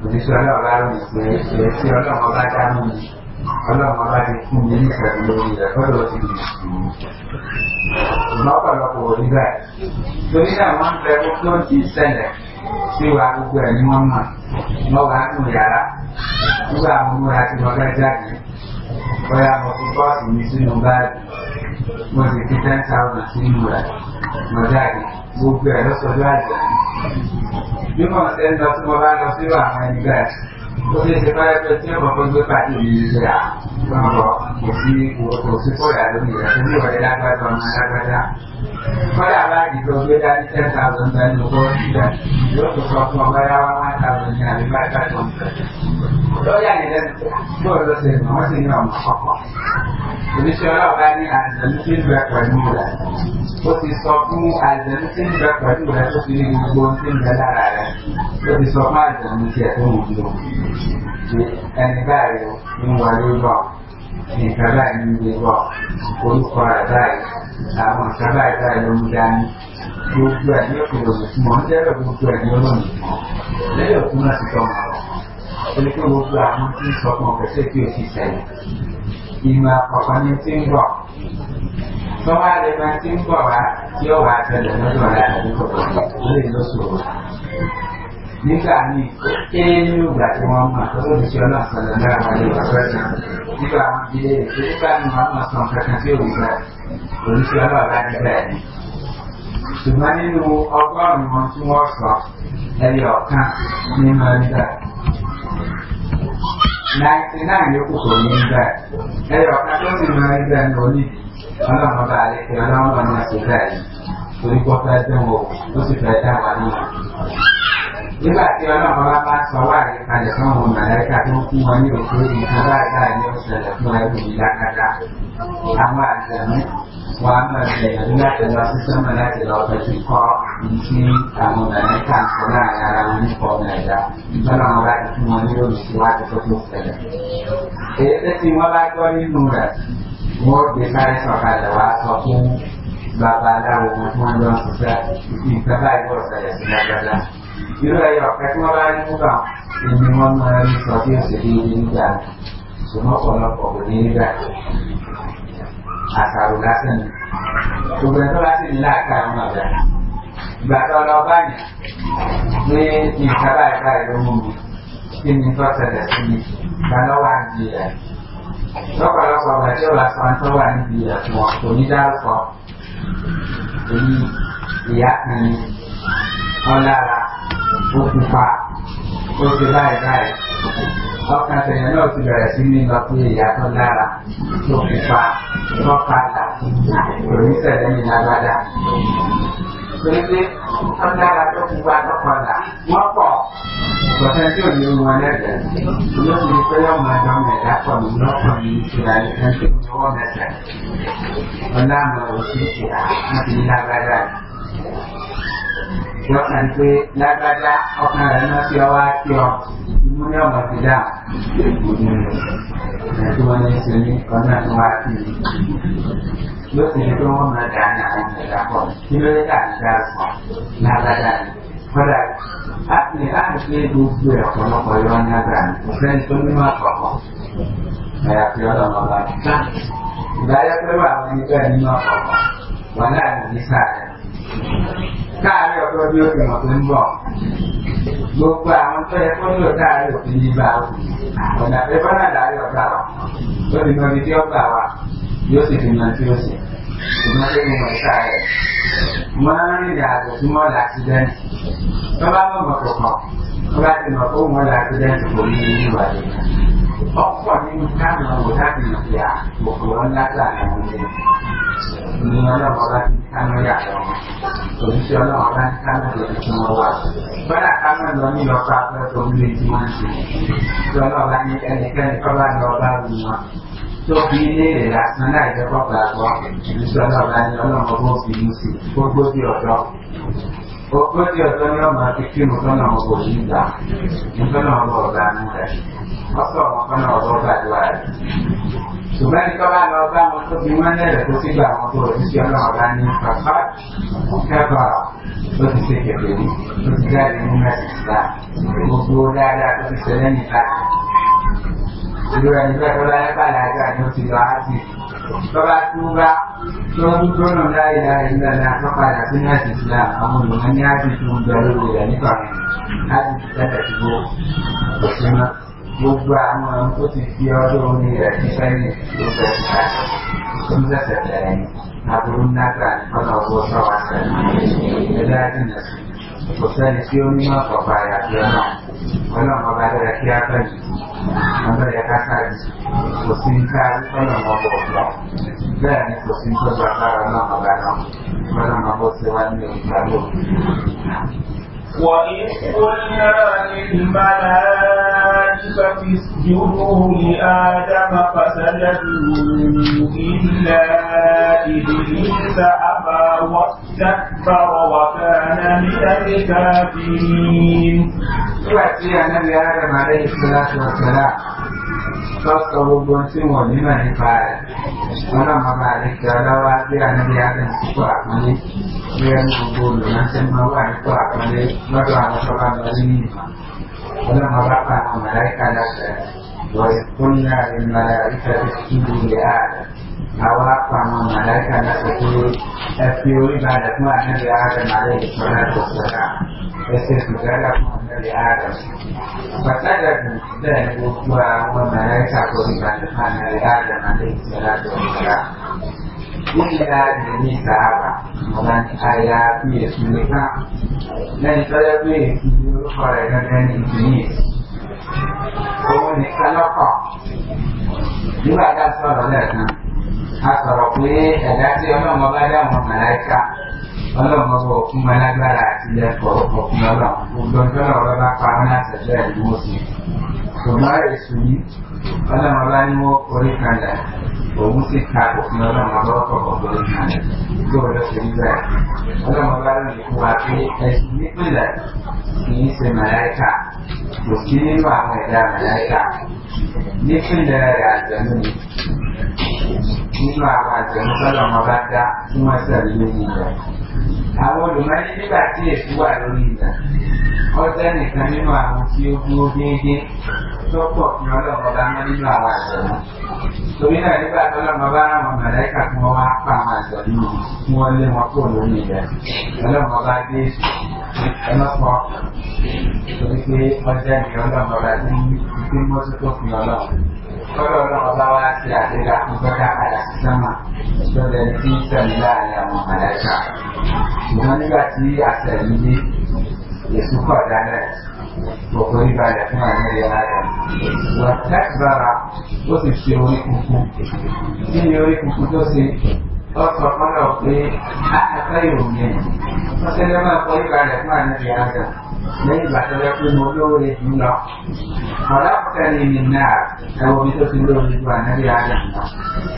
òṣìṣẹ́ ọlọ́ọ̀bá rò pé ìrẹsì ọlọ́ọ̀bá bá dá mú mi ọlọ́ọ̀bá bá ti fún mi ní ìṣẹ̀lẹ̀ lórí rẹ̀ fọ́dọ̀ ti lè sùn lọ́pọ̀lọpọ̀ oníbẹ̀ torí náà wọ́n ń bẹ fún tó ti ṣẹlẹ̀ sí wa gbogbo ẹ̀ ní wọ́n mọ̀ lọ́wọ́ á nù yàrá nígbà àwọn múra bóyá mo fi mi sínú báyìí mo sì fi ten thousand sínú rẹ̀ mo jáde gbogbo ẹ̀ lọ́sọ̀dọ̀ àjẹ́ bí mo ṣe ń lọ sí mo bá lọ sí àwọn tó ṣe ṣe fẹ́ pé tí ọmọ fún gbé pàdé yìí ṣe à lọ́wọ́ kò sí kò sí kóyà lórí rẹ̀ tó ní ìwọ̀lẹ́ lágbàdo ọmọ alágbádá. kọ́dà báàgì tó gbé dání ten thousand bẹ́ẹ̀ ló bọ́ síbẹ̀ yóò tó sọ fún ọgbà yá wá one thousand ní àbí five thousand bẹ́ẹ̀. lọ́yà yẹn lẹ́nu bóò ló ṣe mọ̀ wọ́n sì ní ọmọ kọ̀kọ̀. oníṣẹ́ ọlọ́ọ̀bá ní àzẹ̀lú tí ń bẹ pẹ̀lú rẹ̀ ó ti sọ fún àzẹ̀lú tí ń bẹ pẹ̀lú rẹ̀ tó fi ní gbogbo tí ń bẹ lára rẹ̀ ó ဒီအန်ဒါရောညီမလေးပေါ့ဒီကရိုက်ညီလေးပေါ့ကိုယ်ခေါ်တဲ့ဒါမှကရိုက်တဲ့လူတန်းကိုယ်ပြည့်ရုပ်ကိုမွန်တဲ့ကိုယ်ပြည့်ရုပ်လို့လည်းရောကုနာစတော့မှာပါဒီလိုမျိုးလာမှုသိဆောင်မှုကစိတ်ပြည့်စီဆိုင်ဒီမှာပပနေခြင်းပေါ့သောဝရေမှာခြင်းပေါ့ကကျောဝါတဲ့လို့ပြောတာဒီလိုပေါ့လေလို့ဆို nígbà míì ké nínú ìgbà tí wọ́n mọ̀ tó ló ti ọlọ́run sọ̀rọ̀ náà wà ní ìwàsọ̀rọ̀ náà nígbà wọn bí léèrè pé nígbà míì wọn mọ̀ sọ̀rọ̀ kankan tí òun gbà òun ti ọlọ́run bá nígbà yìí. ṣùgbọ́n nínú ọgọ́rùn-ún wọn tí wọ́n sọ ẹyọ ọ̀kan ní mọ́ńdà náìtì náà ní kòkò ní gbà ẹyọ ọ̀kan tó ti mọ́ńdà ní oní ọlọ́run náà ṣe báyìí torí kọ́ fẹ́ dẹ́wọ̀ ó sì fẹ́ dáwà náà. นี่แหละที่เราต้องพาราชสวัสดิ์การจะข้อมูลมาได้การที่มุ่งมั่นอยู่คือถึงจะได้ได้เนื้อเสือจะมาถึงดักดักทำว่าจะไม่ว่ามันเป็นแค่เราซื้อมาได้แต่เราไปคิดพอที่ทำงานในการสร้างงานในความในใจถ้าเราได้ทำมานด้วยสิ่งว่าจะต้มงรู้เองเอ๊ะสิ่งว่าก็ยิ่งรู้ได้งดเไลาสักการะว่าสักครั้งบ้านเราไม่ควรโดนสุดที่จะได้ก็จะได้สิ่งนั้นได้ Kira ya kẹtùmọ́láyé múta ẹni wọ́n máa ń sọ tí ó sì rí ní ìgbà ṣùgbọ́n ọ̀pọ̀lọpọ̀ kò ní nígbà àṣàrò lásán ni. Gbogbo ẹ̀tọ́ láti ní láàká àwọn àgbà. Ìgbà tó lọ bá yẹn pé nǹkan báyìí báyìí ló mú mi kí ni tó tẹ̀lẹ̀ sí mi gba พูดฝากก็คืได้ได้เพราะการเป็นนักศึกษาที่มีความพยายามทนได้ละพูดฝากเพราะการตัดหรือมิเตอร์ได้มีนาฬิราดัคือที่ทำได้ลก็คือว่าเพราะคามละว่าปอกเพราะฉะนั้นที่มีมวลน่นเรื่องนี่ก็ย่อมมาจากแม่รักความนอกความมีสุดใดนันที่มีว่าแน่นเพราะนั่นเราชี้ชัดมีนาฬิาดัง kí wọ́n sàn pé lágbájá ọkàn rẹ̀ náà sí ọwá kí ọ inú ní ọmọ ti dá tí wọ́n ní sí ní ọ̀nà tó wá sí i yóò sì ní pé wọ́n máa dà ní àwọn ìjọba pọ̀ kí ló dé tàbí dá sùn lágbájá ni kódà láti ní láti pé gbogbo ẹ̀ ọ̀pọ̀lọpọ̀ yọ ní agbára ní kò sẹ́ni tó ní máa kọ̀ọ̀kọ̀ àyàfi ọlọ́mọ bá ti tán ìgbà yẹ pé wà á wọn ní bẹ́ẹ̀ ní máa kọ̀ọ̀kọ̀ wọn náà ní sáà rẹ̀ káàárẹ̀ ọ̀dọ́ ní oṣù ọ̀tún ń bọ̀. Gbogbo àwọn tó yẹ kó lò káàárẹ̀ òfin nígbà ọ̀nà àfẹ́fẹ́ náà láàárẹ̀ ọ̀gá wa. Ó ti mọ ibi tí ó gbà wa, yóò sì fi mọ tí ó sì ìgbà ní ìṣá rẹ̀ máa ń rìn àjò tí wọ́n là bá mọ̀ mọ̀ kọ̀ọ̀kan tó bá ti mọ̀ tó wọ́n là kò ní ní ìwà ọ̀pọ̀ nínú káàmù ọ̀rọ̀ láti mọ̀ sí à òkú wọn ní ọlọ́wọ́ bá ti káàmù yà lọ òṣìṣẹ́ ọlọ́wọ́ bá ti káàmù lọ sí wọn wá bọ́dà lọ ní ọkọ̀ afẹ́ tó ń lé tí wọ́n ń ṣe tí ọlọ́wọ́ ní ẹnikẹ́ni kọ́ bá lọ bá wọn. โลกนี้นี่แหละมันได้เฉพาะปลาตัวส่วนเรานั้นเราต้องมาพบสิ่งสิ่งพบเดียวเราพบเดียวตัวเรามาติดขึ้นมันก็นอนบนหินดามันก็นอนบนดานั่นแหละเพราะสองมันก็นอนบนดาด้วยสุนัขก็บ้านเราบ้านมันก็มีมันได้แต่ตัวที่เราของตัวที่เสียเราด้านนี้ก็ขาดแค่ก็ตัวที่เสียเก็บอยู่ตัวที่ได้ยังไม่ได้ตัวได้ได้ตัวที่เสียได้นี่แหละ irú ẹni bẹ́ẹ̀ ó láyé bá láyé àti ó ti lọ áàtì bàbá túbá tó ń gbóná láyé láyé ńlá náà tó padà sí náà sì sí àwọn ènìyàn ní áàtì tó ń bẹ lórí rẹ̀ nípa áàtì ti tẹ́tẹ̀ tí ó kò sí mọ́ gbogbo àwọn tó ti fi ọdún orí rẹ̀ ti sẹ́yìn ló fẹ́ sí ká tó ń tẹ̀sẹ̀ bẹ̀rẹ̀ ni àbúrú náà ọ̀nà ọ̀gbọ́ sọ̀rọ̀ àṣẹ ẹ̀dá jìnnà sí kò sẹ́ni tí ó ní ọ̀pọ̀ àyàfi ọ̀nà wannan magana da ya kan magana ya kasa ji to sun kai wannan mabuwa da ne to sun san ba wannan magana wannan mabuwa sai wani ne taro وإذ قلنا للملائكة نكشفت الجنوب لآدم فسجدوا إلا إبليس أبى واستكبر وكان من الكافرين. وأتي النبي آدم عليه الصلاة والسلام sọ́sọ́ gbogbo tí wọ́n ní mọ̀ nípa rẹ̀ wọn náà máa bá rẹ̀ kí ọlọ́wọ́ bí anábí adam sípò àpọ́nlé bí ẹnu gbogbo olùrànṣẹ́ máa wà nípò lọ́dọ̀ àwọn mengharapkan mereka datang walaupunnya dan mereka tersinggung di atas awapkan mereka datang tapi ibadat mana di atas mereka berserah sesuai segala mana di atas maka dari itu dan buku awam mereka beribadat mana di atas mereka berserah Mungkin sahaba, mana ayat ni sebenarnya, dan saya ni sendiri pada dan ini. Kau ni salah kok. Juga ada salah lagi. Asal aku ni ada siapa mau ada mau mereka. Kalau mau buat mana gara tidak kau kau malam. Bukan kalau orang apa mana saja di musim. Kemarin sunyi ọlọ́run ọba ní wọ́n kọrí kalẹ̀ òun sì ka òfin ọlọ́run ọba ọkọ̀ kọrí kalẹ̀ tó o lọ sí nígbà ọlọ́run ọba lónìí fún wa pé ẹ̀sìn nípìnlẹ̀ kì í ṣe màláìka kò sí nínú àwọn ẹ̀dá màláìka nípìnlẹ̀ rẹ̀ àjẹmú ni nínú àwọn àjẹmú tọ́lọ́run ọba dá tí wọ́n sẹ̀lẹ̀ lórí rẹ̀ àwọn olùmọ̀lẹ́ nígbà tí èsì wà lórí rẹ̀ ọjọ́ nìkan nínú àwọn tí ó dúró déédéé tó pọ̀ fún ọlọ́run ọba nínú àwọn àjẹmọ́ torí náà nígbà tó lọ́mọ bá ràn wọn mẹ̀rẹ́ kà tí wọ́n wá pa àwọn àjẹmọ́ tí wọ́n lé wọn kúrò lórí ilẹ̀ ọlọ́mọ bá dé ẹlọ́pọ̀ torí pé ọjà ní ọlọ́mọ bá dé ní mọ́tótó fún ọlọ́mọ kọ́lọ́ ọlọ́mọ bá wá sí àdéga fún bọ́dá padà sí sánmà lọ́dẹ̀ tí ń sẹ̀mí láàrin àwọn mẹ̀rẹ́ kà nígbà tí àṣẹ yìí dé èso pọ̀ dáadáa وقريب على كما نري آدم واستكبر وتشتري لكم تشتري لكم تشتري ọsọ kọlọ pé àtàkọ ìròyìn wọn tẹlẹ máa kọ ìbàdàn fún ànábì àgbà lẹyìn ìgbà tẹlẹ pé mo lówó lè fún lọ ọlọpàá ní mi náà ẹwọ mi tó ti lórí ju ànábì àgbà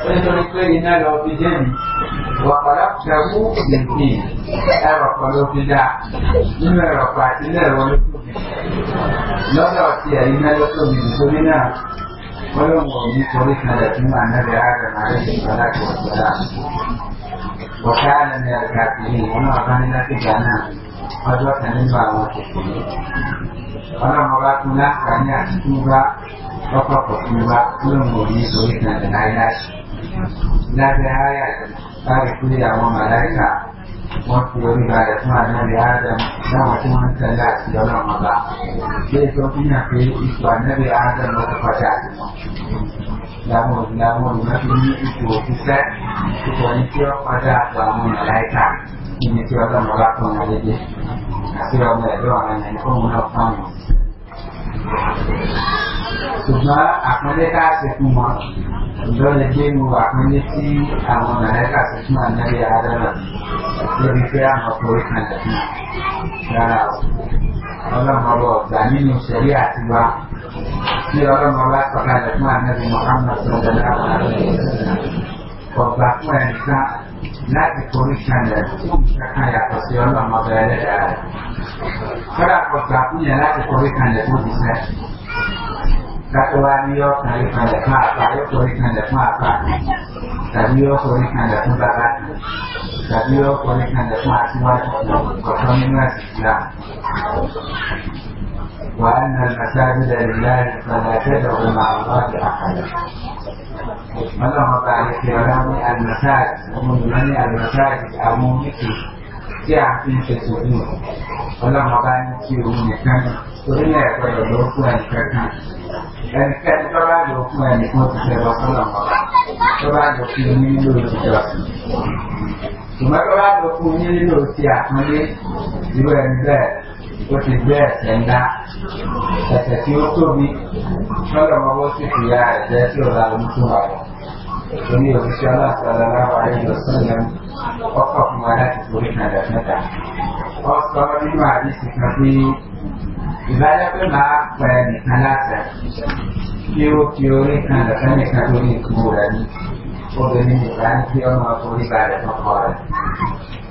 ó ní torí pé iná lọ fi dé mi wọ ọlọpàá wú lè fi ẹrọ kọ ló fi dá nínú ẹrọ pa àti ilé lọ́dọ̀ ti ẹ̀yìn mẹ́lọ́ tó mi nìkó ní náà wọ́n ló ń wọ̀ nítorí kalẹ̀ fún ànábẹ́ àgbà rẹ̀ ní ìbálàkì ọ̀dọ́là. Wọ̀ká lẹ́nu ẹ̀ka kìíní wọn náà bá ní láti gbà náà ọjọ́ kan nínú àwọn kòkòrò. Ọlọ́run bá tún láǹfààní àti tún bá ọkọ̀ kọ̀ọ̀kan bá tó ń wọ̀ nítorí kalẹ̀ láyé láti. Lábẹ́ àyà bá rí pé àwọn màláìkà وفي عبادتها النبي آدم دعوة من تلاس يوم مضى كيف فينا في إسوى النبي آدم وتفتات له له المثل إسوى تسع تقولي قضاء وأمون ملائكة إن في وضع مراقب عليه أسير أمي أدوى أن يكون من الخامس ṣùgbọ́n àpọ́nlé ká ṣe fún wọn lọ́lẹ̀ gbé mu àpọ́nlé tí àwọn mẹ̀lẹ́kà ṣe fún ànáyé adára lórí pé àwọn ọkùnrin kan dàbí rárá o ọlọ́mọba ọ̀gbà nínú ìṣẹ̀lẹ̀ àtiwá tí ọlọ́mọba sọ̀kalẹ̀ fún ànáyé muhammad sọ̀rọ̀ ọ̀gbà fún ẹ̀ka. lehet konuşanlar, konuşanlar pasyonlar modelleler. Találkoztak ugyan lehet konuşanlar tudni กัตวานิยมในขันธ์มาตายโสริขันธ์มาตาสัตยโสริขันธ์มาตาสัตยโสริขันธ์มาตาที่ว่าของพระพุทธเจ้า وأن المساجد لله فلا تدعوا مع الله أحدا اللهم بارك لنا المساجد ومن المساجد أمومتي tí a fi ń ṣètò ní ọlọ́mọ bá ní kí òun nìkan torí náà gbọdọ̀ ló fún ẹnìkan kan ẹnikẹ́ni tó bá lò fún ẹnìkan ti fẹ́ lọ sọ́lọ́mọ tó bá lò fún un nílò ìjọsìn ṣùgbọ́n tó bá lò fún un nílò ti àpọ́nlé irú ẹni bẹ́ẹ̀. utilizarse en la excesivo turbi, no lo vamos a estudiar desde el lado musulmán. Unido que se habla hasta la nava de los sunan, o confirmará que su origen de Feta. O sobre el mismo dice que si vaya a firmar para descanarse, quiero que origen de Feta me cambie en Kumurani, o de mi lugar, que yo no autoriza de Feta.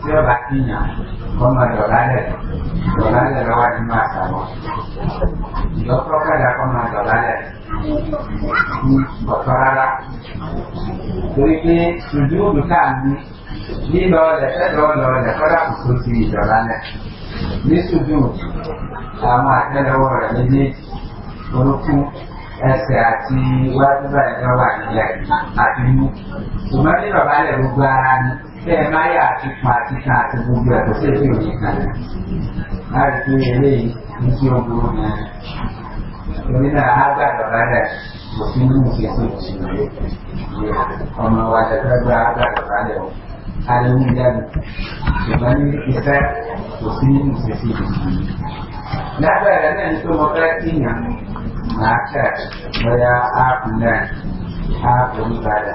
เชื่อบัตรที่หยาก็มาดอลลาร์เลยดอลลาร์เลยระหว่างที่มาสามแล้วก็กระดาษก็มาดอลลาร์เลยบอกว่าละคือที่สุดยูดูการนี่รอเลยแต่รอรอเลยก็รับคุณสีดอลลาร์เลยนี่สุดยูสามารถได้ระหว่างนี้คนคุณ ẹsẹ̀ àti wájú báyìí lọ́wọ́ àti ilẹ̀ àti mú. Ṣùgbọ́n ní bàbá rẹ̀ gbogbo ara ni bẹ́ẹ̀ má yà àti pa àti ta àti gbogbo ẹ̀kọ́ sí èdè òjì kan náà. láti fi eléyìí ní kí ó burú náà. èmi náà á gbà lọ́la dà kò sí ní ìṣe tó ti rè ọmọ wa dàgbà gba á gbà lọ́la dà o. a lè ní ìdáàbò ṣùgbọ́n ní ìṣe kò sí ní ìṣe tó ti rè. náà ní tó mọ fẹ́ kíyàn máa kà lọ́yà áàpù náà áàpù nígbàdà.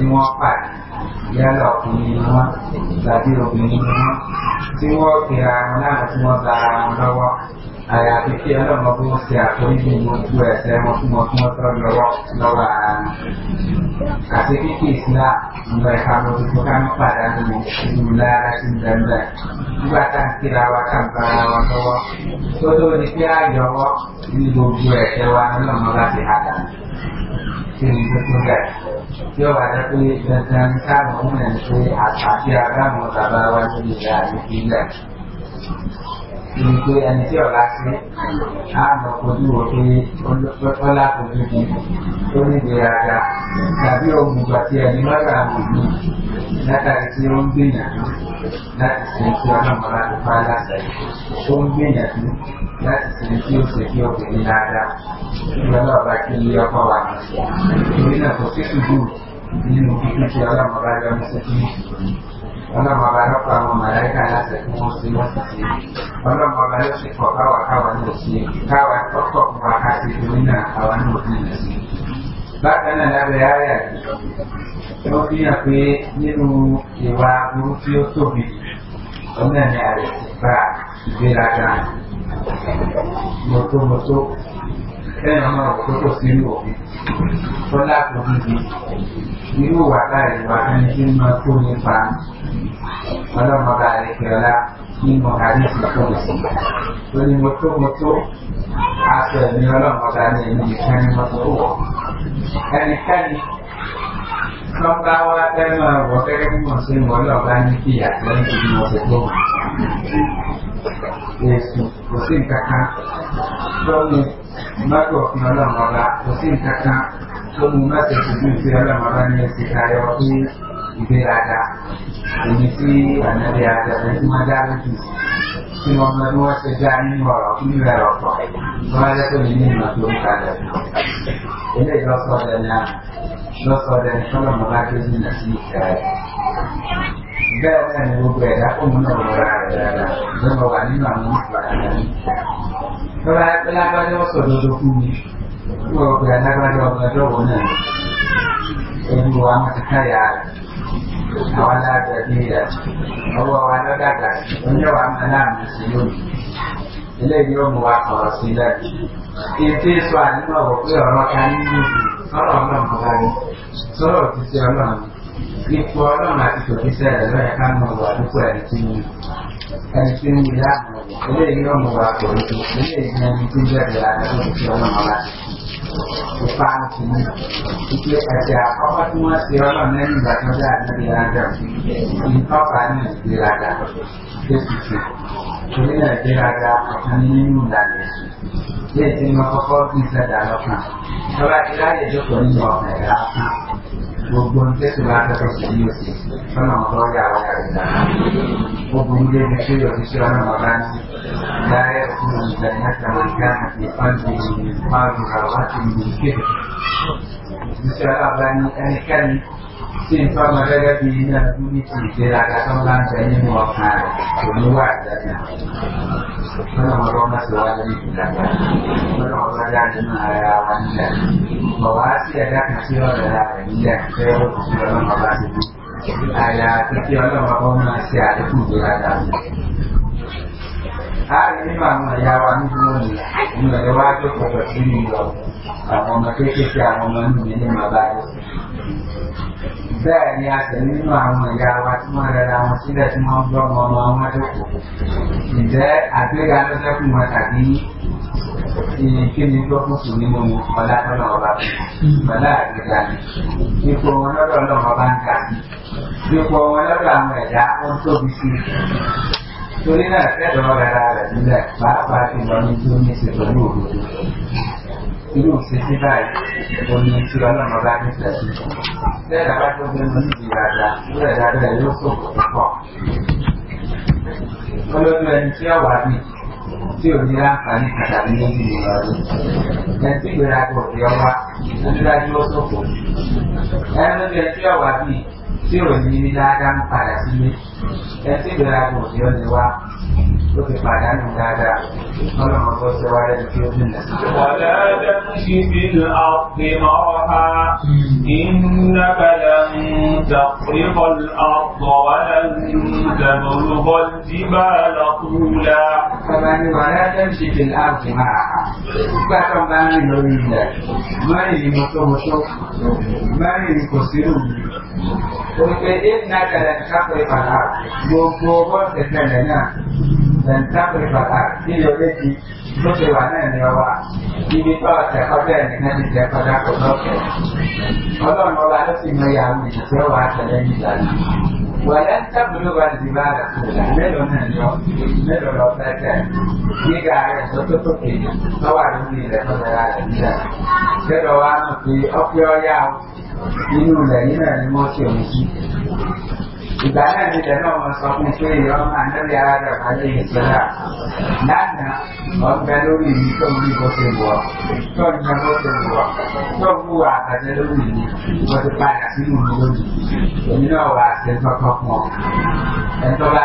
tí wọ́n pà yálà ọkùnrin ni wọ́n tàbí obìnrin ni wọ́n tí wọ́n pe ara wọn láàrín tí wọ́n gba ara wọn lọ́wọ́. eh, perché avevano pronunciato il lungo essere qualcuno come Troglovan kasi kikisna mereka membutuhkan padamu jumlah dan danda buatan tirawatan perawan bahwa suatu dikira jawa di gue hewan lembaga kesehatan sini bertugas Yo ada kulit dan dan kamu nanti mau ya tabawan juga tidak ìgbé ẹni tí ọ̀la sí àmọ̀ kojú òkè ọlá kojú bí onígbèéraga tàbí òmùgbà tí ẹni lọ́dà àmọ̀mí látàrí tí ó ń gbìyànjú láti ṣe tí ọlọ́mọlá tó bá láṣẹ ó ń gbìyànjú láti ṣe tí ó ṣe kí obìnrin lára ìrọ̀lọ́ ọba kí ilé ọkọ̀ wà ní ìrìnà kò sí ṣùgbọ́n nínú kíkí tí ọlọ́mọlá yọ ní sẹ́kìlì ọlọ́mọ ọba ló pa àwọn màláìka láti fún wọn sí wọn sì sí ọlọ́mọ ọba ló ṣe pọ̀ káwa káwa ní òsì káwa tọ́kọ̀ fún wa ká sí torí náà káwa ní òsì náà sí. bákan náà lábẹ́ àyà yìí wọ́n fi hàn pé nínú ìwà burú tí ó tóbi ọ̀nà ni àrẹ̀ ti bá ìgbéraga mọ́tòmọ́tò kẹ́yìn ọmọ òkútó sínú òfin tó láti gidi irú wà láàrin wà ẹni tí ń máa kú nípa ọlọ́mọba àrèkèrọlá nínú àdéhùn tó lè sí tó ní mo tó mo tó aṣọ ẹ̀mí ọlọ́mọba ní ẹ̀mí nìkan ní wọ̀ ẹnikẹ́ni Lọ́gbàwá tẹ́lá ọ̀rọ̀ fẹ́rẹ́ mímọ̀ sí wọ́n lọ́gbà ní kí àtìlẹ́yìn tí wọ́n ti tó wà. Èsù kò sí nǹkankan tó mú mọ́tò òfin ọlọ́mọba kò sí nǹkankan tó mú mọ́tò òfin ìfẹ́ ọlọ́mọba ní ẹsẹ̀ tayọ pé ìgbéraga èyí tí ànábì àdàbẹ̀ ada wọ́n dá lójú tí wọ́n mọ bí wọ́n ṣe dá nínú ọ̀rọ̀ nínú ẹ̀rọ pọ̀ wọ́n á lẹ́tọ̀ọ́ nínú ìmọ̀ tó ń kalẹ̀. Ilé ìjọsọ̀ ọ̀dẹ̀ náà lọ́sọ̀rọ̀ ẹni tọ́lọ̀ mọ́ bá tó jìnà sí ìṣẹ́ rẹ̀. Bẹ́ẹ̀ náà ni gbogbo ẹ̀dá kò mú náà wọra rẹ̀ dáadáa lọ́wọ́ wà nínú àwọn ìfúnra rẹ̀. Lọ́wọ́ ẹgbẹ́ lágbájá ọ̀sọ̀ dodo fún mi, wọ́n rọ̀ pé alágbájá ọ̀gá dọ̀wọ́ náà. Ẹni wa mọ̀ ti káyà rẹ̀. Àwọn alágbàdé rẹ̀, ọwọ́ wa lọ́dàgbà sí, oníyọ̀ wa máa láàmú sí lónìí. Ilé ìyọ́mù wa kọ̀ọ̀ sí lẹ́yìn. Ètè sọ àníwọ̀ pé ọ̀rọ̀ ta nínú ìlú sọ́rọ̀ ọlọ́run kọ̀ọ̀kan ni sọ́rọ̀ títí ọlọ́run ipò ọlọ́run àti tòkísẹ́ rẹ̀ lọ́yẹ̀ ká mọ̀ wà dúpọ̀ ẹni tí ń wù ẹni tí ń wù láàmú eléyìí ọmọ wa kò rí tó eléyìí ní ẹni tí ń bẹ̀rẹ̀ àdáwò tí ọlọ́run wa ipa ti ní ike ẹ̀sẹ̀ àkọ́kọ́ tí wọ́n ṣe ọlọ́run lẹ́yìn ìgbà tó dáa lórí ìrajà ìtọ́fà ní ìgbéraga tó ti ṣe torí náà ìgbéraga ọ̀kan nínú ìlànà ẹ̀sìn ये जिनका पकौर निकला डालना थोड़ा इला ये जो कोई जॉब है रातना वो घूमते सुबह का तो सीधी होती पर मगरों या आवाज आ गया वो घूमते निकली होती सुबह में मकान जाए उसमें जन्नत का मकान है पंच दिन पांच दिन का वाचिंग दिन के जिसका अफगानी and can Simpan mereka dirinya kunci Diraka Karena ada kasih ya. adalah Ini saya Dalam mawasi ada láàrin nínú àwọn ẹ̀yà wa ní dúró ní ìlú ẹ̀rẹ́ wá tó kọ̀ pẹ̀lú ní ìlọ àwọn ọmọ kéékèèké àwọn ọmọ inú mi ní máa bá yẹ. bẹ́ẹ̀ ni a sì nínú àwọn ẹ̀yà wa tí wọ́n rẹra wọn sílẹ̀ tí wọ́n gbọ́ ọmọ ọmọ wọn tó kọ̀. ǹjẹ́ àgbéga ló sẹ́kù wọn tàbí kí ni tó kún sí nínú ọlá tọ́lọ̀ ọba ọlá àgbéga ni ipò wọn lọ́dọ̀ ọlọ́run ọba ń ga sí ipò wọn lọ́dọ̀ àwọn ẹ̀dá ó ń tóbi sí i torí náà ẹ̀dọ̀ rẹ̀ra rẹ̀ nílẹ̀ pàápàá ti lọ ní tó ní ṣe pẹ̀lú òdodo irú ìṣesí báyìí ó ní tí ọlọ́run bá ní tẹ̀sí lẹ́yìn àbá tó gbé ní ìdí ìrajà ló ẹ̀dá rẹ̀ yóò sòkò púpọ̀ olórí ẹni tí ó wà bí tí ò ní láǹfààní pàtàkì ní ìlú ìrọ̀lú ẹni tí ìgbéraga òde ọwá ó ní dájú ó sòkò ẹni tí ó wà bí tí ò ní ní dáadáa ń padà sílé ẹ tí ìgbéra kò sí ọdẹ wa ó ti pàdánù dáadáa ọlọ́run tó ṣe wá lẹ́nu tí ó ní lẹ́sìn. wàlá dẹ́kùsí bí àpè mọ́ra iná bẹ̀rẹ̀ ń dàpẹ́ bọ́ọ̀lù ọ̀pọ̀ wàlá dẹ̀bùrú bọ́ọ̀lù tí bá lọ kúlá. ọ̀la ni wàlá dẹ́kùsí bí àpè mọ́ra nígbà tó ń bá ń rìn lórí ilẹ̀ mọ́rin ni mo tó mo tó mọ́rin ni kò sí òun. Porque él nada la está preparado. Yo puedo tener nada. La está preparada. Si yo decía, no se van a nevar. Y mi padre se acuerda de que nadie se acuerda con nosotros. Cuando no va a decir, no hay algo, ni se va a hacer en mi lado. ولن تبلغ الجبال طولا ملون اليوم ملون الفتاة يجا على صوت فقيه طبعا من يلقى على الجبال كده وانا في أفيا ياو 你弄在你那，你妈去弄去。ìgbà náà ni tẹ̀lé ọmọ sọ fún pé ìyá ọmọ àndẹ́bí ara rẹ̀ ayé ìṣẹ́lá lánàá ọgbẹ́ lórí mi tó ń rí bó ṣe wọ̀ tó ń yẹ bó ṣe wọ̀ tó ń wú àtàjẹ lórí mi bó ti padà sínú mi lónìí èmi náà wà àṣẹ tọ́tọ́ fún ọ ẹ̀tọ́ bá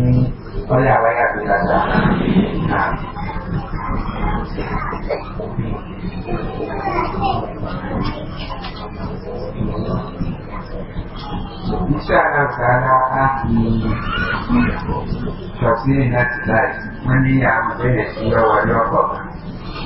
rẹ̀ra ก็อยากไว้กับมีระดับครับอิชาเราสาระอาคีจบนี่นะจิตใจมันนิยามมันเป็นเหตุที่เราวันเราบอก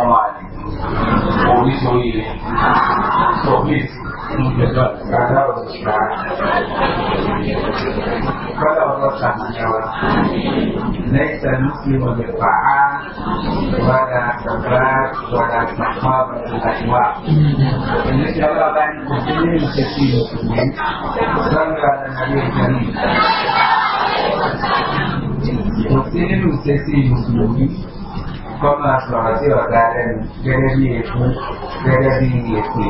ọmọ àlè oríṣi oríire so please kàdá ọ̀dọ̀ ṣùgbà next time muslim ọ̀dọ̀ pàá wàdà sàbà wàdà sàmà wàdà sàmà ẹni tí ọlọ́ bá ní kò sí ní ก็มาสอนที่ว่าการเรียนเรียนดีเอฟุเรียนดีเอฟุ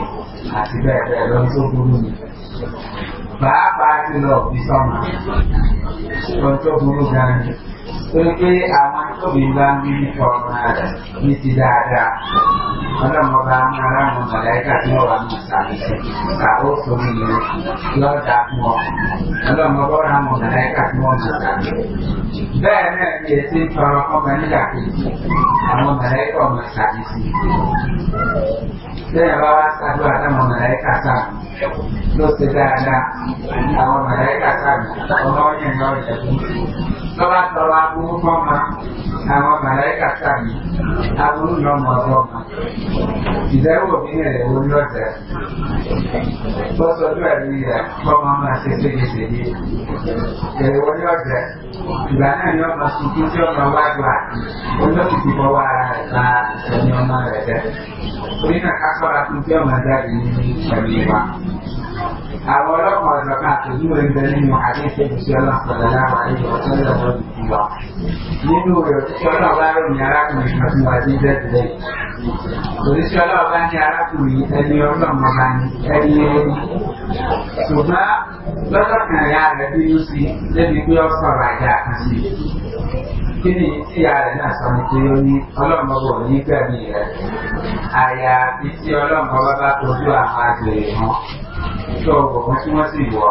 อาชีพแรกเริ่มต้นบุรุษบ้าบ้าที่เราดิสอมาเริ่มต้นบุรุษกัน aman itu bilang ini tidak ada. Orang orang-orang mereka dia orang tahu semuanya dia tak mau. Orang orang mereka Dan sih kalau kau kamu mereka sih. Dan bawa satu ada mereka tidak ada, kamu mereka kau jadi. Kalau aburú fọ́mà àwọn màláìkà sàmì aburú lọ́mọ fọ́mà ìdẹ́wò mi rẹ̀ wo lọ́jà bọ́sọ̀dọ̀ ẹ̀rí rẹ̀ fọ́mà máa ṣe ségesège ẹ̀wọ́ lọ́jà ìgbà náà ni ọmọ tuntun tí ọmọ wájú à olóòtú ti fọwọ́ ara rẹ̀ bá ẹni ọmọ rẹ̀ jẹ́ orí náà ká sọ́ra fún tí ọmọ jáde ní ìṣẹ̀lẹ̀ wa àwọn ọlọ́pàá ọ̀dọ́ kan àtòjú rẹ̀ ń bẹ nínú àdéhùn ìṣẹ́gun sí ọlọ́pàá lọ́wọ́ àdéhùn ọ̀sán lọ́wọ́ wa nínú rẹ̀ òṣìṣẹ́ ọlọ́ọ̀bá rẹ̀ ní arákùnrin kan fún wa tí ń bẹ́ẹ̀ tẹ́lẹ̀ òṣìṣẹ́ ọlọ́ọ̀bá ní arákùnrin ẹni ọlọ́mọba ní ẹni ẹni ṣùgbọ́n lọ́dọ̀ kan ìyá rẹ̀ bínú sí débi pé ọ sọ̀rọ̀ kí ni ìyá rẹ̀ náà sọ ní pé ó ní ọlọ́mọ bò ní gbẹ̀mí rẹ̀ àyà ìtí ọlọ́mọ bá bá tọ́jú àwọn àgbèrè mọ́ tó ọgbọ̀n tí wọ́n sì wọ̀.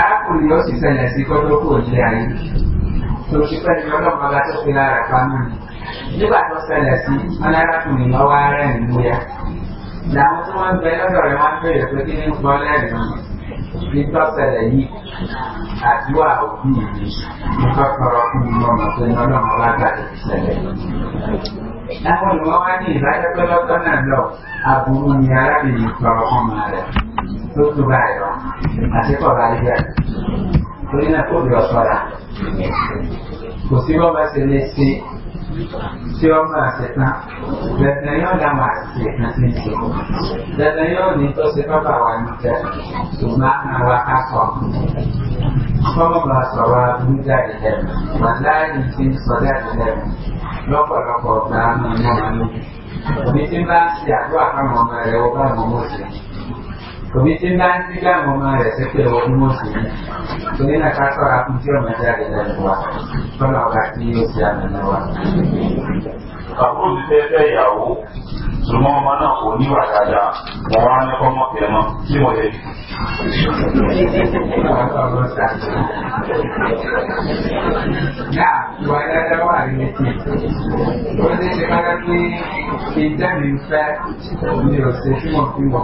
arákùnrin ó sì ṣẹlẹ̀ sí kọ́tọ́ kò ní ayé tó ti pẹ́ ní ọlọ́mọ bá tó fi lára pamọ́ ni nígbà tó ṣẹlẹ̀ sí wọn arákùnrin lọ́wọ́ ara ẹ̀ ń múya làwọn tí wọ́n bẹ lọ́dọ̀ rẹ̀ wọ́n ń pé kí ní gbọ́ lẹ́rìí bí tọ́sẹ̀lẹ̀ yìí àdúrà òbí mi nípa kọ̀rọ̀ fún mi ọmọ tó ní ọlọ́mọ bá gbà tètè sẹlẹ̀. Láwọn ni wọ́n wá ní ìbájọ́ pé lọ́tọ́ náà lọ, àbúrò ni arábìnrin kọ̀rọ̀ fún ọmọ rẹ̀ tó tó báyìí lọ, àti kọ̀rọ̀ àríyá. Torí náà kó lọ sọ́ra. Kò sí bọ́ bá ṣe lé sí sioma sẹtàn lẹsẹ yóò dá máa ṣe ẹ̀kan sí ṣe lẹsẹ yóò ní tó ṣe pápá wa ní tẹ ṣùgbọ́n àwa ká sọ kọ́mọ̀ bá sọ̀rọ̀ abúlé jáde lẹ́nu wàláyé ti sọ jáde lẹ́nu lọ́pọ̀lọpọ̀ ọ̀gá ọmọ ọmọ mi òní tí bá ń ṣe àdúrà fáwọn ọmọ rẹ̀ ó bá mọ́ mọ́ sí i òbí tí ń bá ń tí láwọn ọmọ rẹ̀ sí pé owó ní mọ̀sí ní torí náà ká sọ́ra fún tí ọmọ jáde lẹ́nu wa tọ́lá ọba tí yóò ṣe àmì náà wa. àbúrò ti fẹ́ fẹ́ ìyàwó ṣùgbọ́n ọmọ náà kò níwà dáadáa wọ́n wá ní ọmọ tẹ̀ mọ́ tí wọ́n yẹ. Náà ìwà dáadáa wà nínú tí ó ní ṣe máa ń pín ìjẹ́mi fẹ́ mi ò mo fi mọ̀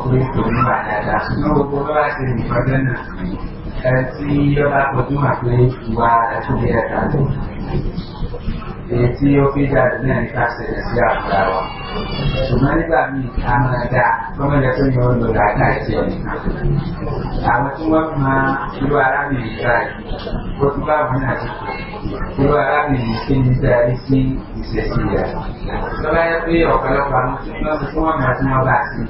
láti ná gbogbo tó bá ṣe ìfọdẹ́nà ẹ̀ tí ọba kọjú àpé ìwà àtúndì ẹ̀ka lẹ́yìn èyí tí ó gbé jáde náà ní ká ṣẹlẹ̀ sí àfúrà wa ṣùgbọ́n nígbà míì a máa da lọ́mọdé tó yẹ ó lò láàká ìṣe nìkan àwọn tí wọ́n máa irú arábìnrin báyìí ó ti bá wọn náà dìbò irú arábìnrin ṣe ń darí sí ìṣesí rẹ̀ lọ́ba yẹ pé ọ̀pọ̀lọpọ̀ àwọn tí wọ́n ti fún ọ̀nà tí wọ́n bá sí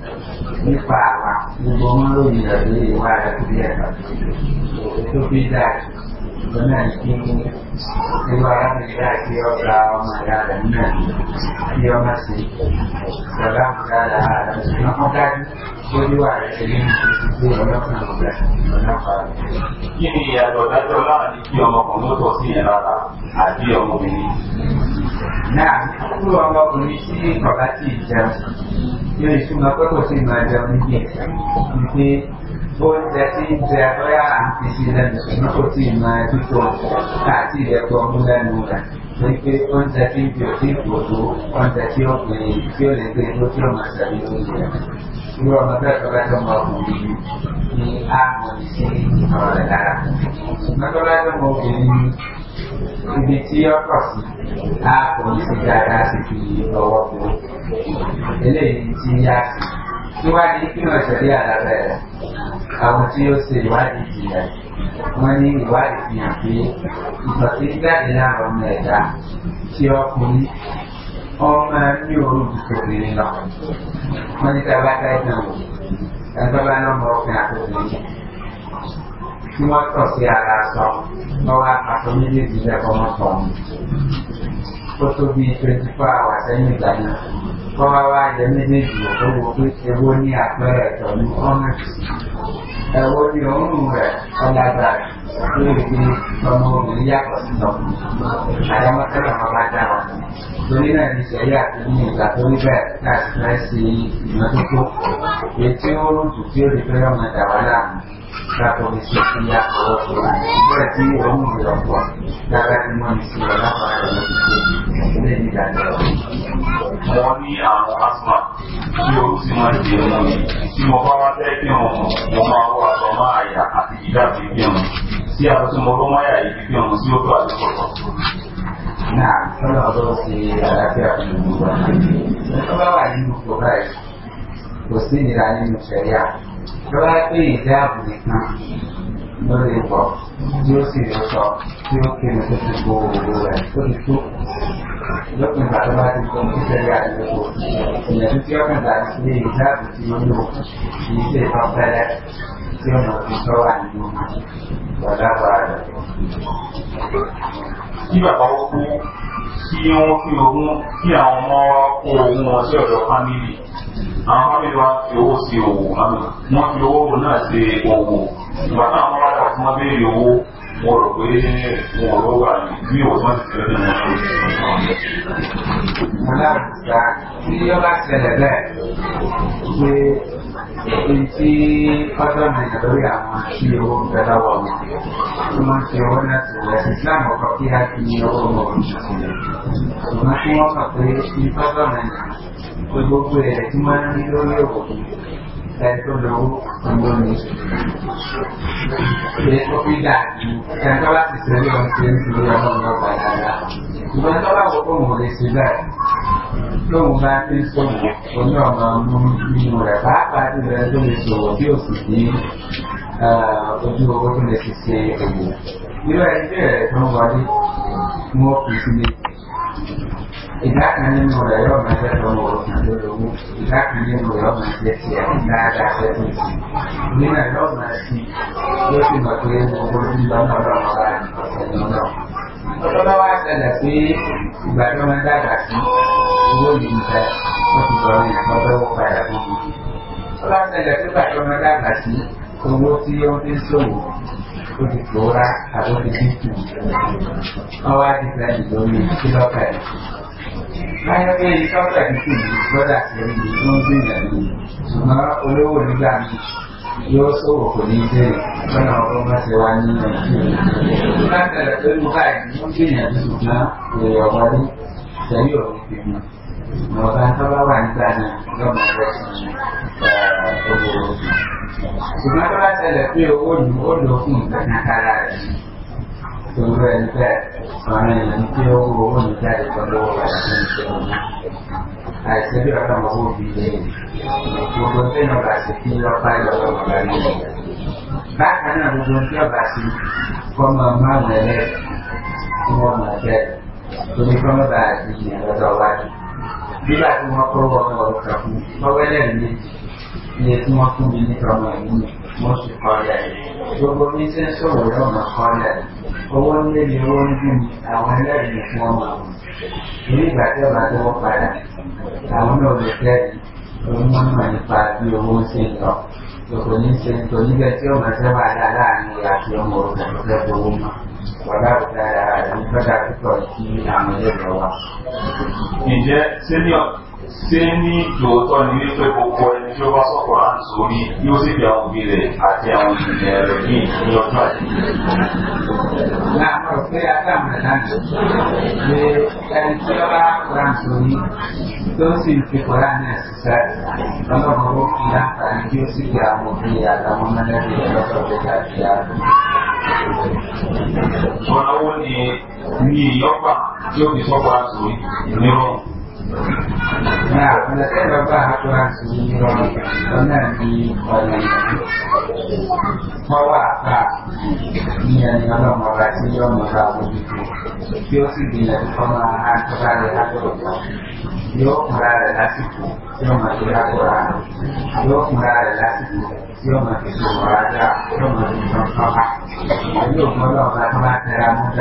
nípa àwa gbogbo wọn lóyìn ṣùgbọ́n náà kí nínú arábìnrin láti ọgbà ọmọ ìyára náà kí ọmọ sí bàbá àmúdára ààrẹ ṣùgbọ́n wọ́n dájú tó níwà rẹ̀ ṣe ní ìgbésí ọlọ́kùnrin ọ̀gá ọlọ́pàá rẹ̀. kí ni ìyàtọ̀ dájọ́ láàrin kí ọmọkùnrin tó sí yẹn lára àbí ọmọbìnrin? náà kúrò ọmọkùnrin sí bàbá tí ì jẹun yóò ìtumọ̀ pé kò sí ìmọ̀ ẹ̀jẹ̀ oníjẹ̀ wípé oúnjẹ tí ń jẹ lọ́yà àti ìṣẹ̀lẹ̀ ìṣúná tó ti mọ ẹ̀dúgbò àti ìrẹ́pọ̀ mú lẹ́nu rẹ̀ torí pé oúnjẹ tí ń bí òtí ìgbòho oúnjẹ tí ó gbé tí ó lè gbé ló tí ó máa ṣàbí oúnjẹ rẹ̀. irú ọmọ bẹ́ẹ̀ tó bá tó mọ ọkùnrin yìí ni a mọ̀ ní sí ọ̀rọ̀ rẹ̀ ibi tí ó sí a kò dáadáa sí fi ọwọ́ bò eléyìí tí yá sí. tí wàá di kí wọ́n ṣẹ̀lẹ̀ àwọn tí ó ṣe ìwádìí ìjìyà wọ́n ní ìwádìí fi hàn pé ìtọ̀sí jáde lára ọmọ ẹ̀dá tí ọkùnrin ọmọ ní orúkú obìnrin lọ wọ́n ní sábà dáìtàn wò ẹgbẹ́bá lọ́mọ ọkùnrin àtòkùnrin tí wọ́n tọ̀ sí ara sọ lọ́wọ́ àpapọ̀ méjèèjì lẹ́kọ̀ọ́ mọ́tọ̀ ọ̀hún ó tó bí twenty four hours ẹ̀yìn ìgbà náà wọ́n wá wá yẹ méjèèjì òun wò pé ewo ní àpẹẹrẹ pẹ̀lú ọ́nẹ́sì ẹ̀wọ́ ní òórùn rẹ̀ ọ̀làgbà lórí pé ọmọ obìnrin yàtọ̀ sí lọ́kùnrin àyàmọ́tẹ́lẹ̀ ọba dá wọn torí náà ní sẹ́yà àti ní ìgbà tó rí bẹ́ẹ̀ láti fẹ́ sí ìmọ́tótó èyí tí ó rùn tí ó rí pé ọmọ dà wá la policía o otro operativo a uno de los cuatro, la patrimonial la para la comunidad de la Wọ́n ní àwọn asma tí o sì máa ń di ọmọ mi tí mo bá wá tẹ́ kí wọn mo máa wọ àtọ́ máa yà àti ìdá mi kí wọn sí àwọn tí mo bá máa yà yìí kí wọn sí ó tó àti pọ̀pọ̀. Náà sọ́nà ọ̀dọ́ sí àlàáfíà fún gbogbo àwọn ènìyàn. Ṣé tó bá wà nínú kò Kò sí ìnira nínú ṣẹ̀ríà lọ́wọ́ pé ìjáàbù nìkan ló lè wọ̀ tí ó sì lè sọ tí ó kéde tó ti bo rẹ̀ tó ti tó lópin ìgbà tó bá ti gbọ́ kí sẹ́yà àdúgbò ìyẹ̀dú tí ó kàn láti lé ìjáàbù tí ó lò kì í ṣe ìtàn fẹ́lẹ́ tí ó mọ̀ fi sọ wà nínú ìwọ̀dábà rẹ̀. Bí bàbá wọ́n kú kí wọ́n fi ogún kí àwọn ọmọ kó ogún wọn sí ọ̀dọ̀ fámìlì àwọn fámìlì wa fi owó sí owó wọn fi owó náà ṣe owó ìgbà náà wọn wáyà tí wọn béèrè owó wọn rò pé wọn ò lọ́wọ́ àyè bí òtún ti fẹ́ nínú wọn. aláàbùsà tí yọba ṣẹlẹ̀ bẹ́ẹ̀ ṣe inti ọjọ́ mẹ́ta lórí àwọn tí owó ń bẹ lọ́wọ́ mi tí wọ́n ti owó láti wẹ̀ islam ọkọ̀ kí á fi ní owó mọ̀ ìṣàkóso ṣùgbọ́n tí wọ́n sọ pé ní ọjọ́ mẹ́ta gbogbo ẹ̀ tí wọ́n ní lórí òwò ẹ̀ẹ́dọ́lọ́wọ́ ọmọdé ẹ̀ẹ́dọ́ fi dà ẹ̀ẹ́dọ́ láti sẹ́lẹ̀ ọ̀sẹ̀ nítorí ọlọ́run ọba dáadáa ìwọ́n tó bá wọ́pọ̀ mọ̀ lè ṣe bẹ́ẹ̀ lóun bá ti sọ̀rọ̀ oní ọ̀nà ọmọ nínú rẹ̀ pàápàá ti rẹ̀ tó lè sọ̀rọ̀ bí òsì ní ojú owó tó lè fi ṣe òwò irú ẹni bẹ́ẹ̀ tó ń wọlé wọn kì í sílé ìdá kan nínú rẹ̀ yóò máa jẹ́ lọ́wọ́ olówó ìdá kan nínú rẹ̀ yóò máa jẹ́ tiẹ̀ láàdá sẹ́kùn sí i nínú yóò máa sí yóò fi mọ̀ pé gbogbo ní lọ́nà ọlọ́run bá ọ̀sẹ̀ lọ́nà. ọlọ́wọ́ wá ṣẹlẹ̀ pé ìgbà tó máa dàgbà sí owó yìí ń bẹ wọ́n ti sọ ìyẹn tó fẹ́ wọ́n padà fún mi. ọlọ́wọ́ ṣẹlẹ̀ pé ìgbà tó máa dàgbà sí owó tí ó fi ń ṣòwò ó ti pò rá àbó ti dín tù wọ́n wá ti fẹ́ ìlú omi kí lọ́kà ẹ̀ láyé pé lọ́kà ẹ̀ tù ní gbọ́dà ẹ̀rí ni wọ́n ń gbìyànjú ṣùgbọ́n olówó nígbà mi yóò sọ̀rọ̀ kò ní bẹ́ẹ̀ lọ́nà ọgbọ́n bá ti wá ní nàìjíríà láti ẹ̀rọ pé mo báyìí wọ́n gbìyànjú ṣùgbọ́n èrè ọ̀wọ́ ní ìtẹ́lẹ̀ ọ̀rọ̀ fi mọ́ ọ̀gá tó bá wà nígbà náà lọ́mọ ẹ̀rọ sí ọ̀gbọ̀n ṣùgbọ́n tó bá ṣẹlẹ̀ pé owó ni ó lò fún nǹkan kára rẹ̀ torí ẹni bẹ́ẹ̀ ọ̀rọ̀ ìlú ní pé owó owó ní jáde pẹ̀lú owó rẹ̀ ní ìṣẹ́ òní àìsí bí ọ̀rọ̀ ọmọ owó fi lé gbogbo tí ìyọ̀ bá ṣe fi lọ́pàá ìlọ́wọ́ ọ̀rọ̀ ní ìṣẹ́ bákan náà gbogbo tí ọ̀ bá ṣe kọ́mọ márùn-ún ẹlẹ́ tí wọ́n mọ̀ bẹ́ẹ̀ torí kọ́mọ bá àdìyàn lọ́dọ̀ wájú nígbà tí wọ́n kọ́ wọ́n ọ̀rọ̀ kàkú lọ́wọ́ ẹlẹ́rìí ilé tí wọ́n fún mi nípa ọmọ ìlú wọ́n sì kọ́lá rẹ̀. Gbogbo bí tí ń sọ̀rọ̀ yóò máa kọ́lá rẹ̀. Owó nílé ni owó ń dùn àwọn ẹlẹ́rìí fún ọmọ àwọn. Ìlú ìgbà tí ọba tó wọ́n padà, àwọn náà lè fẹ́ rí. Òun máa ń mọ̀ nípa bí owó ń ṣe ń lọ. Kò ní ṣe kò ní bẹ́ẹ̀ tí ọmọ ṣe wà dá láàrin ìyá àti ọmọ òkè lọ́fẹ́ gbowó mọ́. Bàbá òkè ara rẹ̀ ń fẹ́ dá púpọ̀ sí àwọn ẹlẹ́rìí wa. Ǹjẹ́ sẹ́niọ̀ se ní lóòótọ́ ni wípé gbogbo ẹni tí ó bá sọ̀kọ̀ à ń sórí yóò sì fi àwọn òbí rẹ̀ àti àwọn ìpìlẹ̀ rẹ̀ ní ní ọjọ́ àti Láàárọ̀ pé Adáàmù Dáńtì ni ẹni tí ó bá kọ̀rọ̀ à ń sórí tó sì fi kọ̀rọ̀ náà ṣiṣẹ́ ọlọ́run ó fi láǹfààní bí ó sì fi àwọn òbí àtàwọn mẹ́lẹ́bí rẹ̀ lọ́sọ̀rọ̀ láti àárọ̀. Ọ̀nà wo ni ní ìyọ́pà tí ó fi sọ́kọ̀ à ń sórí nírọ̀rùn? น a h menurut b a p ก k aku l อน g s u n g pernah เพราะว่าพาะมีอันนี้เรามาแบบที่ย่อมมาเราู่ยกสิ่งดีเข้ามาอ่านพระราชาตัวโยกมาราชาสิบุย่อมมาที่ราชาโยกมาราชาสิบุย่อมมาที่สุราชาย่อมมาทีุ่ระพระโยกมาเราพระราชามุขใจ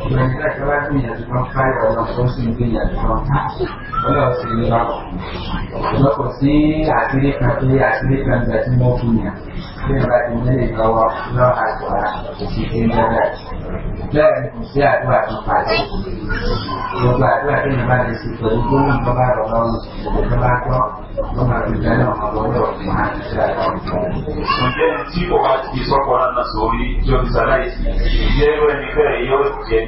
我们现在格外注意的地方开了，我们收拾一个眼光看，我有时间了。我可惜还是那个对，还是那个在中国姑娘，现在姑娘那个我不知道还过来，我是现在在，在公司还过来上班，我过来过来跟你们的是合作，我们把我们我们把光，我们之间的话，我有我还是在讲。ǹjẹ́ tí kò bá ti sọ́kọ̀ọ́ náà sórí yóò ti sàlàyé sí ìdílé ẹgbẹ́ nífẹ̀ẹ́ yóò jẹ́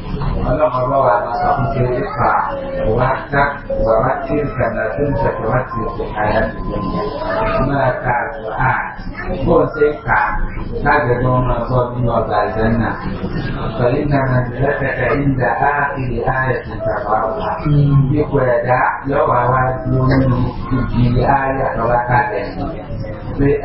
ọlọ́mọ bá wa ti sọ fún pé nípa wá ká wà wá tí ń kàdà tó ń tẹ̀kọ̀ wá ti ṣe àyà máa ka à bó o ṣe kà lágbègbè ọmọ ọgbọ́ bí ọgbà àjẹ́nà pẹ̀lú ìdáná lẹ́tẹ̀kẹ̀ ìdá áàkiri ààyè tó tàbá wà ipò ẹ̀dá yọ̀wá wá lórí ibi ààyè tó bá kàlẹ̀ pé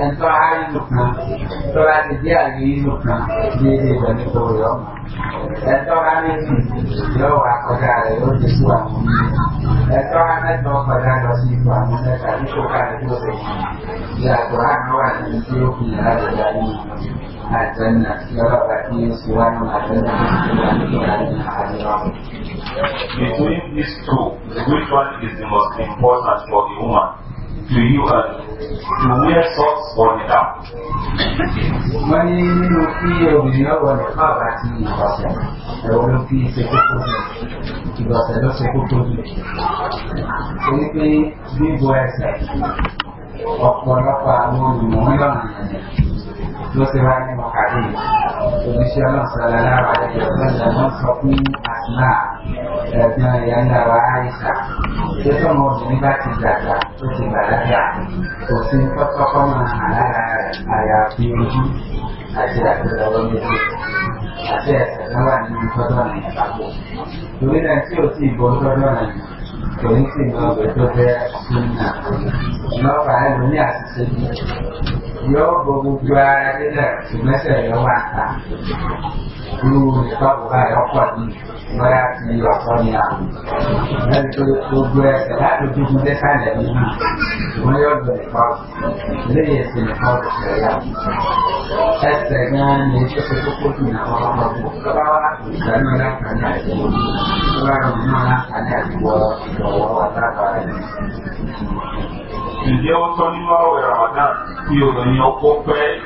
Between these two, which one is the most important for the woman? do you uh, to wear socks or niqab? wọ́n ní nínú kí obìnrin náà wọ niqab àti ìbọ̀sẹ̀ ẹ̀wọ̀n ló fi ṣe kókó jù ìbọ̀sẹ̀ ló ṣe kókó jù. ó ní pé bíbọ ẹsẹ̀ ọ̀pọ̀lọpọ̀ àwọn olùmọ̀ lọ́nà ló ti wá ní ọ̀kadì oníṣẹ́ ọlọ́sọ̀lá lára ẹ̀jẹ̀ ọ̀sẹ̀ wọ́n sọ fún àtúnà ẹ̀gbọ́n ìyá ńlá wa àìsà tó tọ́mọ obìnrin bá ti dàgbà tó ti bàlágà kò sí kọ́kọ́kọ́ máa hàn lára àyàfi ojú àti àtúnlọ́wọ́ méjì àti ẹ̀sẹ̀ náà wà nínú tọ́jọ́ nàìjíríà torí náà tí ò tí ì bọ́ tọ́jọ́ nàìjíríà 工资嘛，每个月十几万，老板人家是十几 yóò bọ gbogbo ènìyàn kó pẹ́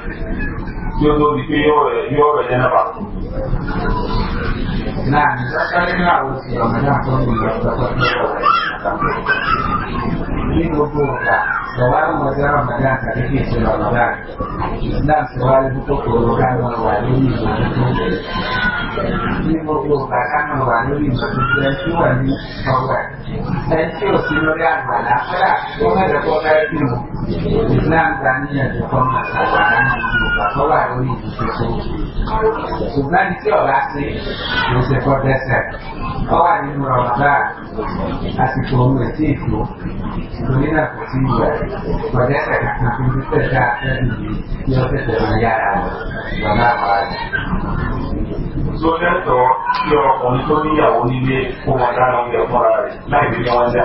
tí ó tó di pé yóò rẹ̀ yóò rẹ̀ jẹ́ نعم ذكرنا ومنعهم من في وجوهها سواء وزير رمضان كتفي في رمضان الإسلام سواء بطوك ورغان والوالين في وجوهها كان والوالين مجدد شو أن هو سنتي وسنوري عن والأخرى وما لقوة يتنو الإسلام ثانية يقوم مسألة عن وجوهها فوالوالين في سوء سبحان كيو بأسي ṣe kọ́ dẹ́sẹ̀ ọwà nínú ọ̀gá àsìkò ohun ètí ìfò ìtòní náà kò sí ìwà tem dẹ́sẹ̀ kankan tó ń tẹ̀ dá àtẹ́bí ní ọ̀sẹ̀ tẹ̀lé yára lọ́nà àbára rẹ̀. tó lẹ́tọ̀ọ́ kí ọkùnrin tó níyàwó nílé kó wọn dáná oúnjẹ fúnra rẹ̀ láì bí wọ́n dá.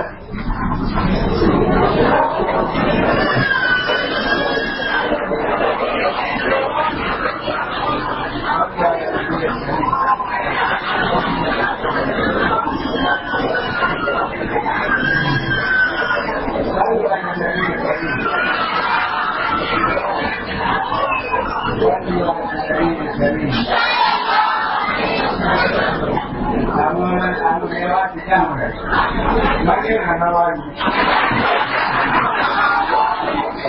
மனிதன் நல்லவா இருந்துச்சு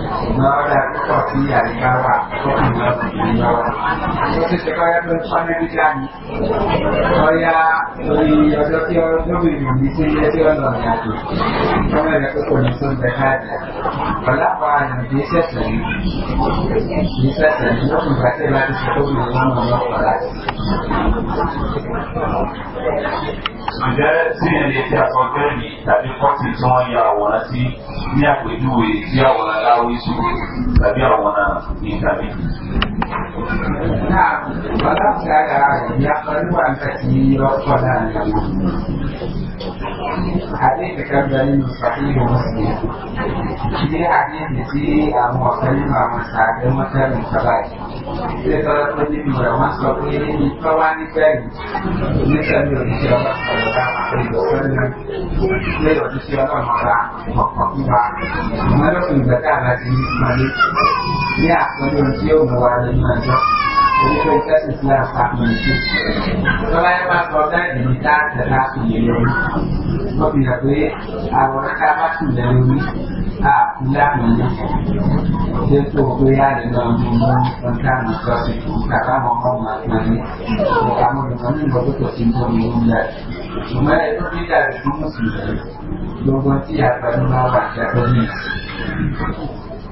Nada Ǹjẹ́ sí ẹni tí a sọ bẹ́ẹ̀ ni tàbí kọ́ọ̀tì tí wọ́n ya àwòrán sí ní àpèjúwe tí àwòrán láwé يوسف فبرمنا من فمه نعم وقد يقرب عن تكبير الصلاة حديث كم دليل صحيح مسلم في حديث في الموصلين والمساعدين وكان من خبائث إذا ترى كل من المسلمين طبعا الثاني نسأل الله صلى الله عليه وسلم ليس في الله مرة وقفوا بعد ولكن ذكرنا Malik ya menuju mewarnai mazhab jadi prioritas Islam tak menuju Selain kota diminta adalah sendiri Kemudian gue Awalnya kata sendiri Tak bilang menuju Itu gue ada ngomong Tentang masalah itu Kata ngomong maknanya Kamu dengan ini gue simpul Mengundat Cuma itu tidak Kamu sendiri Gue gonti apa Nolak Jatuhnya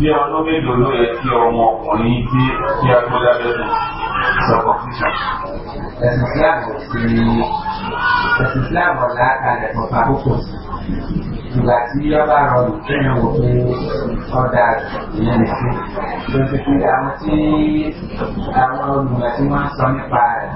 bí ọdún mélòó ló yẹ kí ọmọ ọkùnrin dé kí a tó lábẹ́ fún sọ̀rọ̀ fíṣà. ẹ̀sìn islam ti ẹ̀sìn islam ọ̀la kalẹ̀ fún pàkókò ìgbà tí ọba rọrùn kéèyàn wò pé ọ̀dà ìyẹn nìkan. lọ́sibí àwọn tí àwọn olùmọ̀ wọ́n sọ nípa rẹ̀.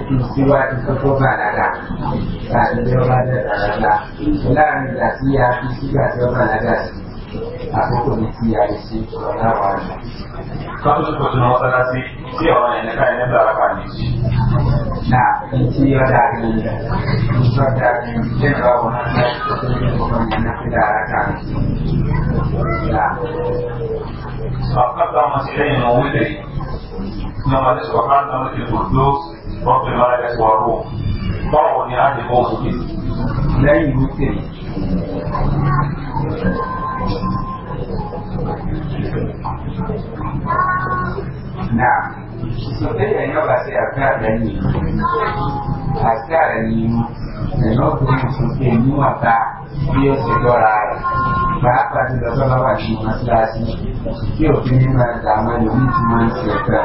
exclusiva y solo para la para la para la la democracia física se va a la a poco ni si hay si toda la banda cuando se puede no será así si ahora en la calle no la van a ni na si va a dar ni va a dar ni se va a poner como ni na se dará acá la Acá estamos en el nombre de Nomás de su Bacán, Nomás de Burdos, wọ́n pè máa ẹ̀sùn ọ̀rọ̀ báwo ni a lè mọ òkè lẹ́yìn wípé náà sọtẹ́yà yóò bá ṣe àfẹ́ àlẹ́yìn àti àlẹ́yìn ẹ̀yọ́ ọkùnrin sókè níwọ̀nba bí ó ṣe lọ́ra rẹ̀ pàápàá ti lọ sọ́lá wà ní mọ́síláṣí tí òfin nínú àdàmọ́ ẹ̀yọ́ ní ti máa ń ṣe ẹ̀fẹ́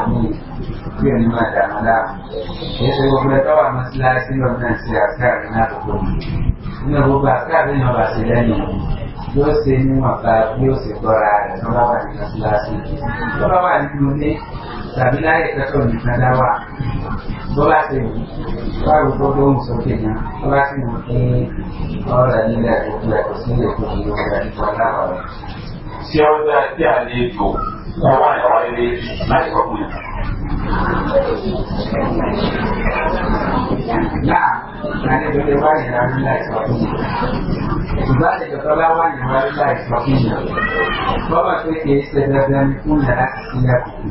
kí ẹni máa dànù láàmú ẹsẹ gbogbo ẹ tọwọ àwọn síláṣí lọ náà ṣe àṣàrí náà tó gbòmù nínú gbogbo àṣàrí náà bá ṣe lẹ́yìn yóò ṣe níwọ̀nba bí ó ṣe gbọ́ra rẹ̀ tó bá wà nínú síláṣí tó bá wà nínú ilé tàbí láyé ìtọ́tọ̀ nìkan dá wà bó bá ṣe wù wá gbogbo tó ń sókè náà tó bá sì wù kí ọ̀rọ̀ nílẹ̀ gbogbo ẹ̀kọ́ sí ilé tó ń lò rẹ̀ nípa láwọn rẹ̀. ṣé ó dáa tí àlejò wọ́n wá ìwà ilé láì sọ fún yìí. Náà, láti gbẹgbẹ wá ìyàrá rí láì sọ fún yìí. Ìgbà tí ìjọba bá wá ìyàrá rí láì sọ fún yìí. Bọ́bà pé kìí ṣe dandan ní fún yàrá sílẹ̀ kùkù.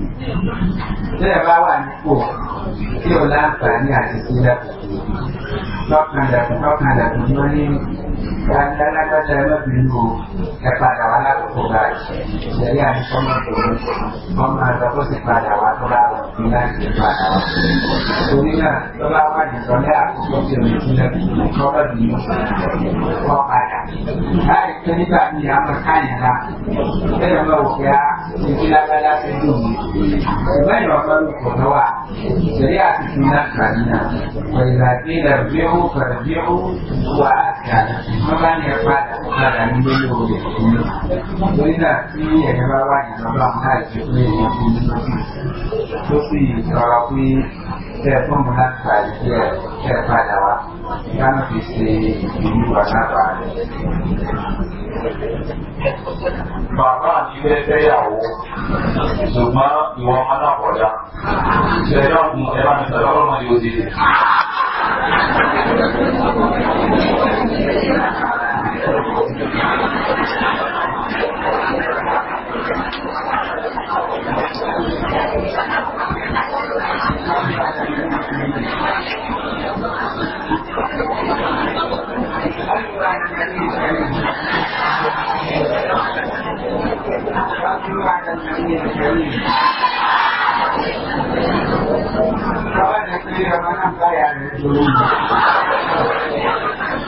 Bẹ́ẹ̀ bá wà nípò tí ò láǹfààní àti sílẹ̀ kùkù. Lọ́kàndàkùn lọ́kàndàkùn ni wọ́n ní dáadáa lágbájá ẹlọ́bìnrin o ẹ̀padà wà lákòókò báyìí. Ìṣẹ̀lẹ̀ àti sọ́mọ́tò kamu kau ini kan tidak àti pé tó sì tọrọ pé tẹ fóònù láti pàdé díẹ tẹ padà wá láti fi ṣe ìlú àṣàbà rẹ. Bàbá àti ilé fẹ́yàwó ṣùgbọ́n ìwọ ọmọ náà kọjá. Ṣẹ̀dá fún ẹ̀rọ mi sọ̀rọ̀ ọmọ yóò di. Thank you. Kawan negeri saya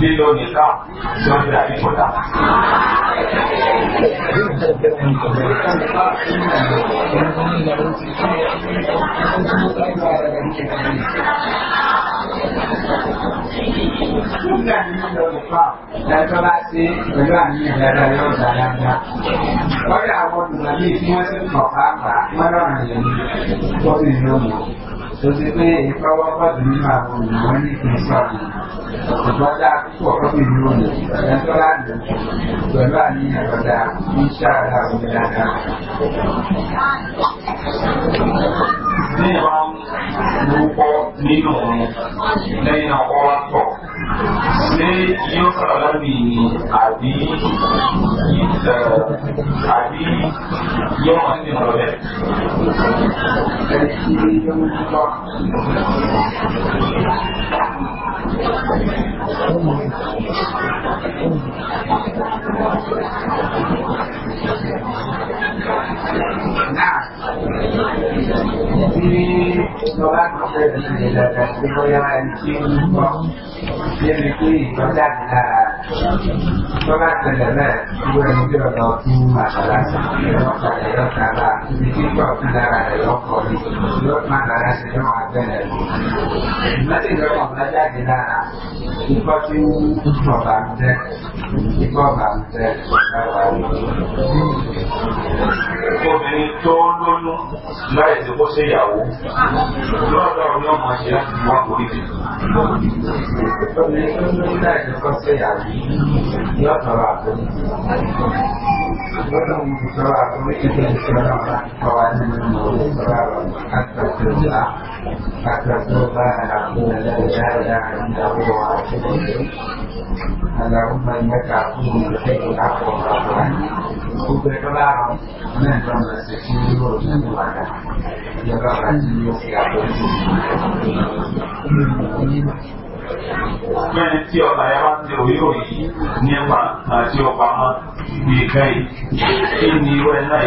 lílo nìkan tí wọ́n ti dàbí kọjá. Nígbà tí mo lọ nìkan, lẹ́tọ́ bá pẹ̀lú àmì ìdájọ́ yóò dá yájá. Wọ́n rí àwọn olùmọ̀lé tí wọ́n ti ń kọ̀ pàápàá, wọ́n lọ́rùn ìyẹn ní wọ́n sì ń 就是说，你搞网课，你哪有管理跟上？好多家长说，他不有用，人家说的，了，对吧？你家长，你下一下，你家长。ní ìbá lúpọ nínú lẹ́yìn ọkọ̀ wá pọ̀ ṣé yóò sọ̀rọ̀ lábì ní àbí àbí yóò máa sì bẹ́ẹ̀. Thank you náà tí wọ́n bá kọ́ fẹ́ bí ilẹ̀ lọ́dà tí wọ́n yá ẹni tí ó ń bọ̀ níbi pé ìtọ́jà ti dára tó bá tẹ̀lẹ̀ náà gbogbo ẹni tí ọ̀dọ̀ fún màsálásí lọ́kọ̀ rẹ̀ lọ́kà bá ibi tí ń bọ̀ fún dára rẹ̀ lọ́kọ̀ rí lọ́kọ̀ dára sí náà àbẹ̀rẹ̀ rẹ̀. lọ́sìn lọ́wọ́ bá jáde dára ikọ́ tí ń tọ̀ bá ń tẹ́ ikọ́ bá ń tẹ́ ẹ̀wà rẹ̀. obìnrin tó lóyún láì tí kó ṣe ìyàwó lọ́dọ̀ ní ọmọ ṣe láti wá orí rẹ̀. obìnrin tó lóyún láì tí kó ṣe ìyàwó yóò tọrọ àbọ̀. lọ́dọ̀ mi ti tọrọ àbọ̀ méjì tó ń ṣe ọlọ́run láti kọ́ wa nínú ìṣòro àbọ̀ àti ọ̀sẹ̀ ìjà. 那可能吧，那我们大家大家大家我们娃娃也挺多，那我们每年大家会去去打个牌，扑克牌啊，那种还是挺好玩的。有个牌子叫，嗯，没人叫台湾叫友谊，你们啊叫什么？你可以印尼话那有。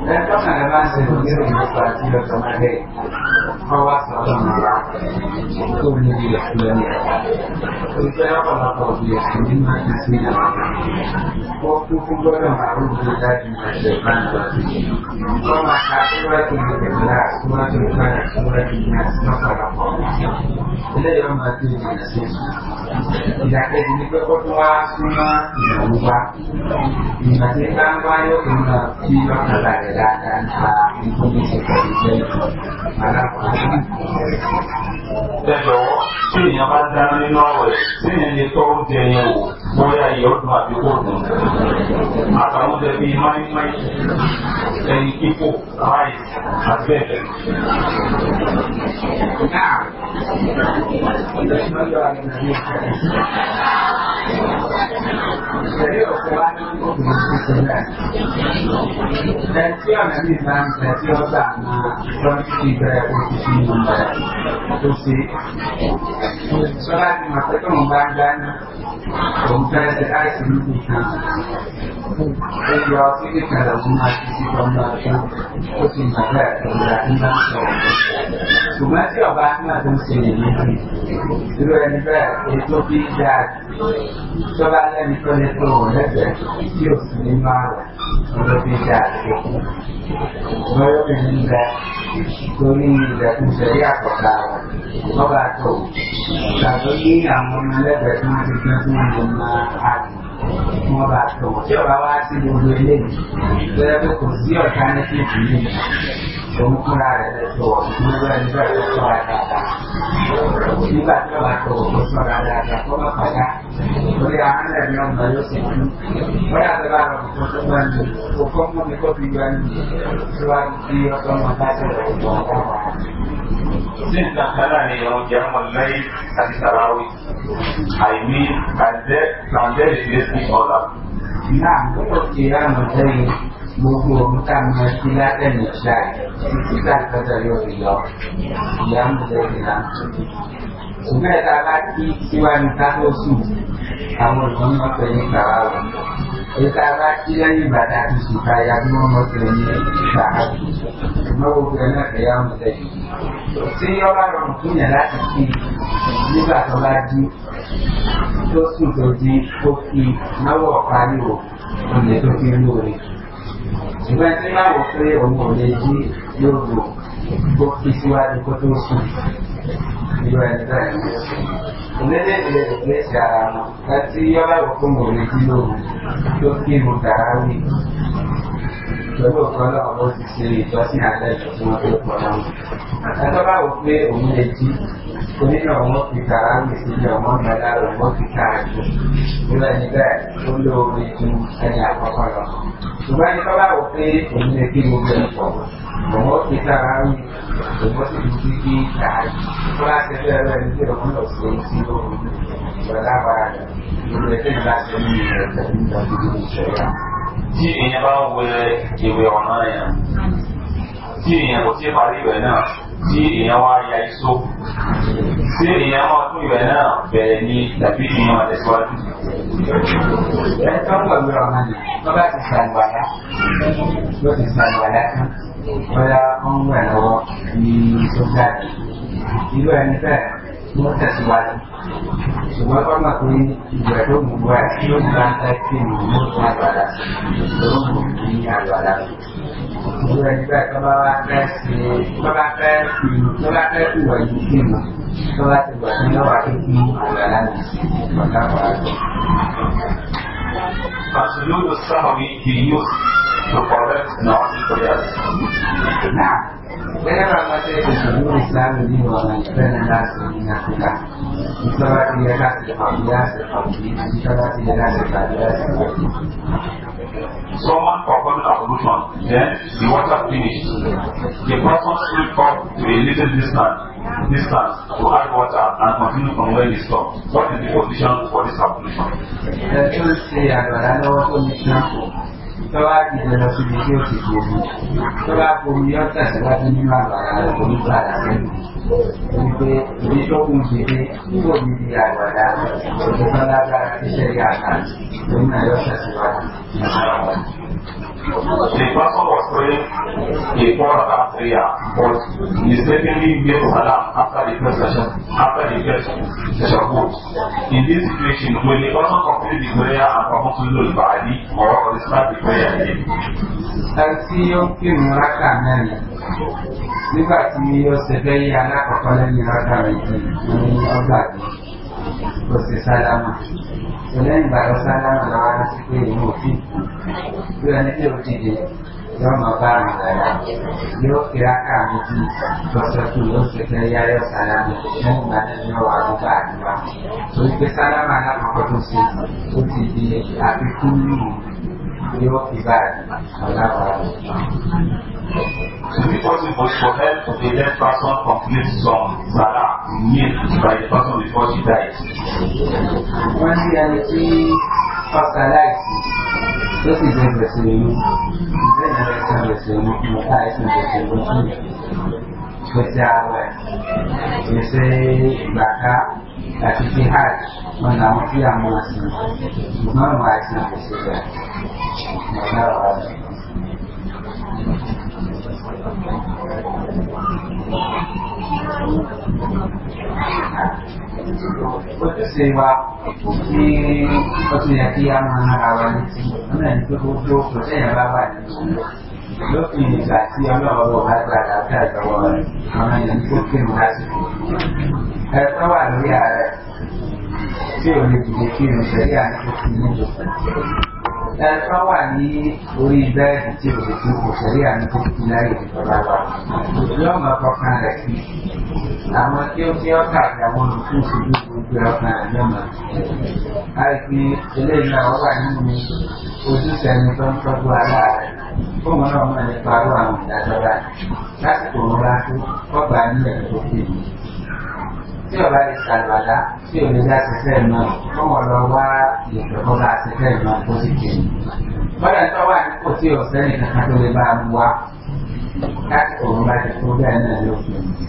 dan kan ada masa sendiri investasi bersama deh mawas sama itu menjadi sebenarnya Percaya pernah tahu dia ini masih sini waktu kumpul yang baru kita di depan kalau masa itu lagi benar semua juga semua juga masa lapor kita yang mati di nasi tidak kayak ini kekotua semua tidak berubah masih tanpa yuk tidak 那大家天就是不能说一些，反正我……再说，去年我参加那个，今年的冬天 bóyá ìyọ́dún àti kóòdùn àtàwọn oúnjẹ bíi máìmáì ẹyin kíkó ráìsì àti bẹ́ẹ̀ bẹ́ẹ̀. Ìṣẹ̀lẹ̀ ọ̀pọ̀ wa ní ọdún tuntun rẹ̀. Ẹtí ọ̀nà ní ìlànà ẹtí ọ̀dà náà lọ́dún ti bẹ̀rẹ̀ oṣù sí inú rẹ̀ tó ṣe. Sọlá ti mọ̀ pé tóun bá ń dáná, compreendere ai significanti. E gli ottimi che la luna si si condotta così in aperto, in canzone. Tu metti a bagna con segni, tu è liberto, il tuo figlio, tu vale di connettore, io sono in mare, non lo figlio. Voglio che mi dà, tu mi dà, tu sei a portare, ho dato, dato lì a un lettore, tu mi dà, tu mi dà, Fragen. wọn bá tọ̀ tí ọba wá sí gbogbo eléyìí lọ́yẹ́ pé kò sí ọ̀tá ní kíkì yìí òun fúnra rẹ̀ lẹ́tọ̀ gbogbo ẹni bẹ́ẹ̀ tó sọ̀rọ̀ dáadáa nígbà tí ọba tọ̀ kó sọ̀rọ̀ dáadáa kó má pàdá lórí ahọ́nlẹ̀ ní ọgbà yóò sì kú wọ́n yà bẹ́ẹ̀ bá lọ kó tó máa ní òkó mú mi kó fi yọ ẹni tí wàá di ọgbà wọn bá tẹ̀lé ọgbà wọn wà. Sin kankana ni ọ̀rọ̀ jẹ́ lẹ́yìn àti sàráwì. Àìní kàndẹ́ kàndẹ́ ìdílé Nah, kira menteri buku tentang silat dan musnah, silat kata yang menjadi dalam ṣùgbọ́n ẹ̀ta bá kí síwájú ká tó sùn àwọn ìwọ̀n náà pè ní kàwáwò ẹ̀ta bá kí lẹ́yìn ìbàdà ti sùn káyà bí wọ́n mọ̀ pè ní kàwáwò ṣùgbọ́n gbogbo ẹ̀ náà kẹ̀yà ń tẹ̀. tí ọba rọrùn fún yẹn láti kí nígbà tó bá jí tó sùn tó jí ó fi náwó ọ̀parí o ọ̀nà tó fi ń lóore ṣùgbọ́n tí máa wọ pé òun ò lè jí yóò gbò ó fi síwájú kó tó sùn. Unene imeonyesha kati ya wakumulizilo yokimutarani pẹ̀lú ọ̀kan náà wọ́n ti ṣe ìtọ́sìn àdájọ́ tí tó pọ̀ náà. Ẹjọ́ bá wò pé òun lè jí onílọ̀ wọn fi tàrà ń gbèsè ọmọ mẹ́ta rẹ̀ wọ́n fi tàrà Nígbà ní bẹ́ẹ̀ ó lé orin ju ẹni àkọ́kọ́ lọ. Ṣùgbọ́n ẹjọ́ bá wò pé òun lè kí gbogbo ẹ̀ pọ̀. Òun ó fi tàrà ń òun ó fi sí kí tàrà ṣe fẹ́ rẹ̀ ní ọ̀hún tí èèyàn bá ń wẹ ìwé ọ̀nà yẹn tí èèyàn kò tí ì parí ìwẹ̀ náà tí èèyàn wá ya iṣó tí èèyàn máa tún ìwẹ̀ náà bẹ̀rẹ̀ ní tàbí ìyẹn máa tẹ̀síwájú. ẹ tó ń gbàgbé ọ̀nà yẹn tó bá ti ṣàgbàlá ló ti ṣàgbàlá tán bóyá ó ń wẹ̀ lọ́wọ́ ní sójà irú ẹni bẹ́ẹ̀. muchas igual. Igual forma que luego muerto basta que mucho alvarás, luego muy alvarás. Ìjọba ìgbà tó bá wá fẹ́ sí tó bá fẹ́ sí tó bá fẹ́ wọ̀ yìí sí mọ̀ فصلی و قصه رو پادر نازی نه بین رحمت کشانی و اسلام و دین این سبت یه قصد خانی است است این سبت یه someone performing ablution, then the water finished. The person slipped up to a little distance, distance to add water and continue from where he stopped. What is the position for this ablution? tọ́wá dìde lọ síbi tí ó ti di omi tọ́wá bomi yọ tẹ̀síwájú nínú àgbàrá rẹ̀ kò ní padà sẹ́yìn torí pé ìdí tó kún sí pé kúrò níbi àgbàdá òtún tó lágbára tíṣẹ́ yà ká di náà yọ tẹ̀síwájú ní àgbàrá. Nípa sọ̀rọ̀ pé ìkọ́ ọ̀rọ̀ àfẹ́yà but he certainly gave salam after the first session after the first session vote. In this situation, when the person complete the prayer and perform to the Lord by the or the start the prayer. ẹtí ó kírun rákà mẹ́rin nígbà tí ó ṣe fẹ́ yí alákọ̀ọ́kọ́ lẹ́yìn rákà méjì ní ọgbà tó kò sí sálámà lẹ́yìn ìgbà tó sálámà lọ́wọ́ á sí pé ìlú òfin bí ẹni tí ó dìde yóò máa bá àrùn lára yóò fi rákà méjì lọ́sọ̀tún yóò ṣe fẹ́ yá yọ sálámà lẹ́yìn ìgbà tó yọ wà ló bá àdúrà torí pé sálámà alákọ̀ọ́kọ́ tó ṣe ó ti di àfikún nínú Because it was for her to be that person complete some Salah meal by the person before she died. Wọ́n ní ẹni tí ọ̀sán láìsí tó sì jẹ́ gbèsè ìlú, bẹ́ẹ̀ ni ẹ̀sán gbèsè ìlú, mọ̀tá ẹ̀sán gbèsè ìlú fún mi. Gbèsè àwẹ̀, gbèsè ìgbàká àti ti hajj, wọn làwọn tí àwọn àṣìṣe, ṣùgbọ́n àwọn àìsàn gbèsè rẹ̀. Sewa ní ọtún yẹ kí a máa ń ara wa ní ti ọ̀nà ní pé gbogbo kò sẹ́yìn bá wà ní lópin ìgbà tí ọlọ́ọ̀wọ́ bá gba àlàáfíà lọ́wọ́ rẹ̀ ọ̀nà yẹn tó kéwù lásìkò. Ẹ̀tọ́ wà lórí ààrẹ tí ò lè dìde kí irun sẹ́yìn àti òfin ní ìjọba ẹ̀ka wà ní orí bẹ́ẹ̀dì tí o lè fi òṣèré àníkó ti láyé ìjọba wa yóò máa fọkàn rẹ̀ sí àwọn tí ó fi ọkà àti àwọn olùkú ìṣèlú gbogbo ọkàn rẹ̀ yóò máa àìsí eléyìí náà wà nínú ojúṣe ẹni tó ń tọ́jú aláàrẹ̀ fóun náà máa nípa àwọn ìdájọ́ báyìí lásìkò ńlá tó ọgbà nílẹ̀ tó kéde tí ọba lè ṣàlùwàlá tí ò lè dá ṣiṣẹ́ náà kó wọn lọ wá ìṣòro bá ṣiṣẹ́ náà kó sì kí ni. bọ́dà tó wà nípò tí ọ̀sẹ́ nìkan kan tó lè bá a mú wa láti òun bá ti tó bẹ́ẹ̀ náà ló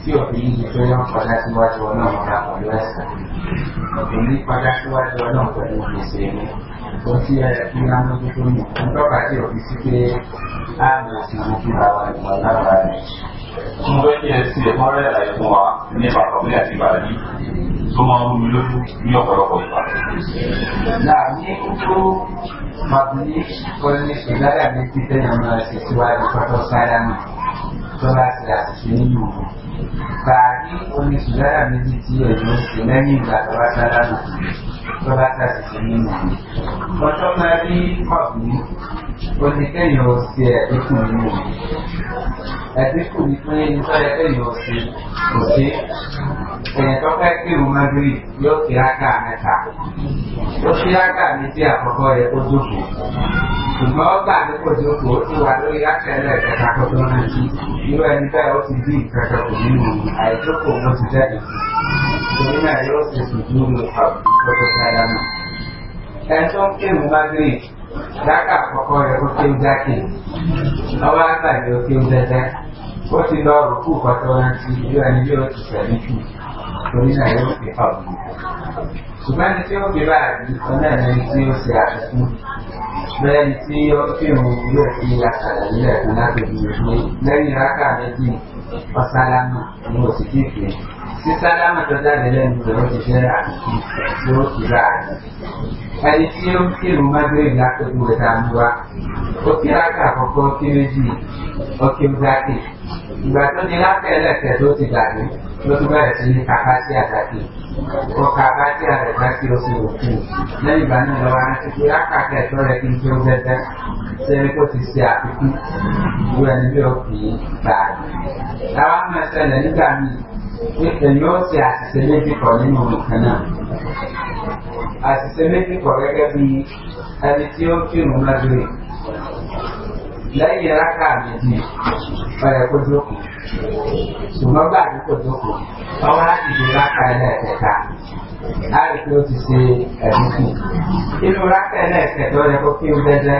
tí òfin yìí tó yọ kọjá síwájú ọlọ́run ọba pẹ̀lú ẹ̀sán òfin yìí kọjá síwájú ọlọ́run pẹ̀lú ìgbésẹ̀ mi nǹkan tí ẹ fi ń rán lójú tó ní ìtọ́ka tí ò fi sí pé á lè sin ojú lára ìgbà lára rẹ̀. mo fẹ́ kí ẹ sí ẹ̀kọ́ rẹ̀ àlàyé fún wa nípa ọ̀gbìn àti ìbàdí tó máa ń rú mi lójú ní ọ̀pọ̀lọpọ̀ ìgbà. náà ní kúkú màbílí kọ́lé ìdáyà tó bá tàbí ṣe nínú mi. Ọjọ́ máa rí ọ̀gbìn ó ní kéèyàn ó ṣe ẹ̀dínkù nínú mi. Ẹ̀dínkù ni pé nítorí kéèyàn ó ṣe kò ṣe. Èèyàn tó fẹ́ kírun Madrid yóò fi ágà mẹ́ta. Ó fi ágà mi sí àkọ́kọ́ rẹ̀ kó jókòó. Ṣùgbọ́n ó gbà ní kò jókòó ó ti wà lórí ákẹ́lẹ̀ ẹ̀ka tó tó rántí. Irú ẹni bẹ́ẹ̀ ó ti dín ìkẹ́kẹ́ kò nínú àìjókòó ló ti jẹ́ ìdí. ومما يوصف جنود الحرب وقتالنا ẹni tó ń kéwù magre dáka àkọ́kọ́ rẹ̀ ó kéwù jákè ọba àgbàdo ó kéwù jẹjẹ ó ti lọ òkú kọ́tọ́ rántí ilé ẹni yóò ti sẹ́ni kù torí náà yóò fi hàn mí. fi bá àbí kan náà lẹni tí ó ṣe tí ó kéwù yóò fi àkàlà nílẹ̀ fún tí sálámà tó jáde lẹ́nu lọ́wọ́ ti fẹ́ rà lọ́wọ́ ti rà ẹni tí ó ń kírun mágbèrè lápẹ̀kú rẹ̀ tá a mú wa ó kí láti àkọ́kọ́ kí méjì ó kí ó dákì ìgbà tó ní lápẹ̀ ẹlẹ́kẹ̀ẹ́ tó ti dàgbé ló tún bẹ̀rẹ̀ sí ní kàkásí àdákì ọkà àbájá rẹ̀ bá kí o sì òkú lẹ́yìn ìgbà náà lọ́wọ́ á ti fi rákàkà ẹ̀tọ́ rẹ̀ kí n kí o gẹ́gẹ́ sẹ́ni ti ṣe àfikún ìwé ẹni bí o kì í gbà. táwa máa ṣẹlẹ̀ nígbà míì èyí ó ṣe àṣìṣe méjì kọ̀ nínú nǹkan náà àṣìṣe méjì kọ̀ gẹ́gẹ́ bí ẹni tí ó kírun mọ́jú rẹ̀ lẹ́yìn rákà mi ọ̀yẹ̀ kó jókòó ṣùgbọ́n gbà ní kò ọwọ́ láti fi rákà ẹlẹ́ẹ̀kẹta láì kí ó ti ṣe ẹ̀mí kù. Inú rákẹ́ lẹ́ẹ̀kẹ́tọ́ yẹ kó kí o dẹ́dẹ́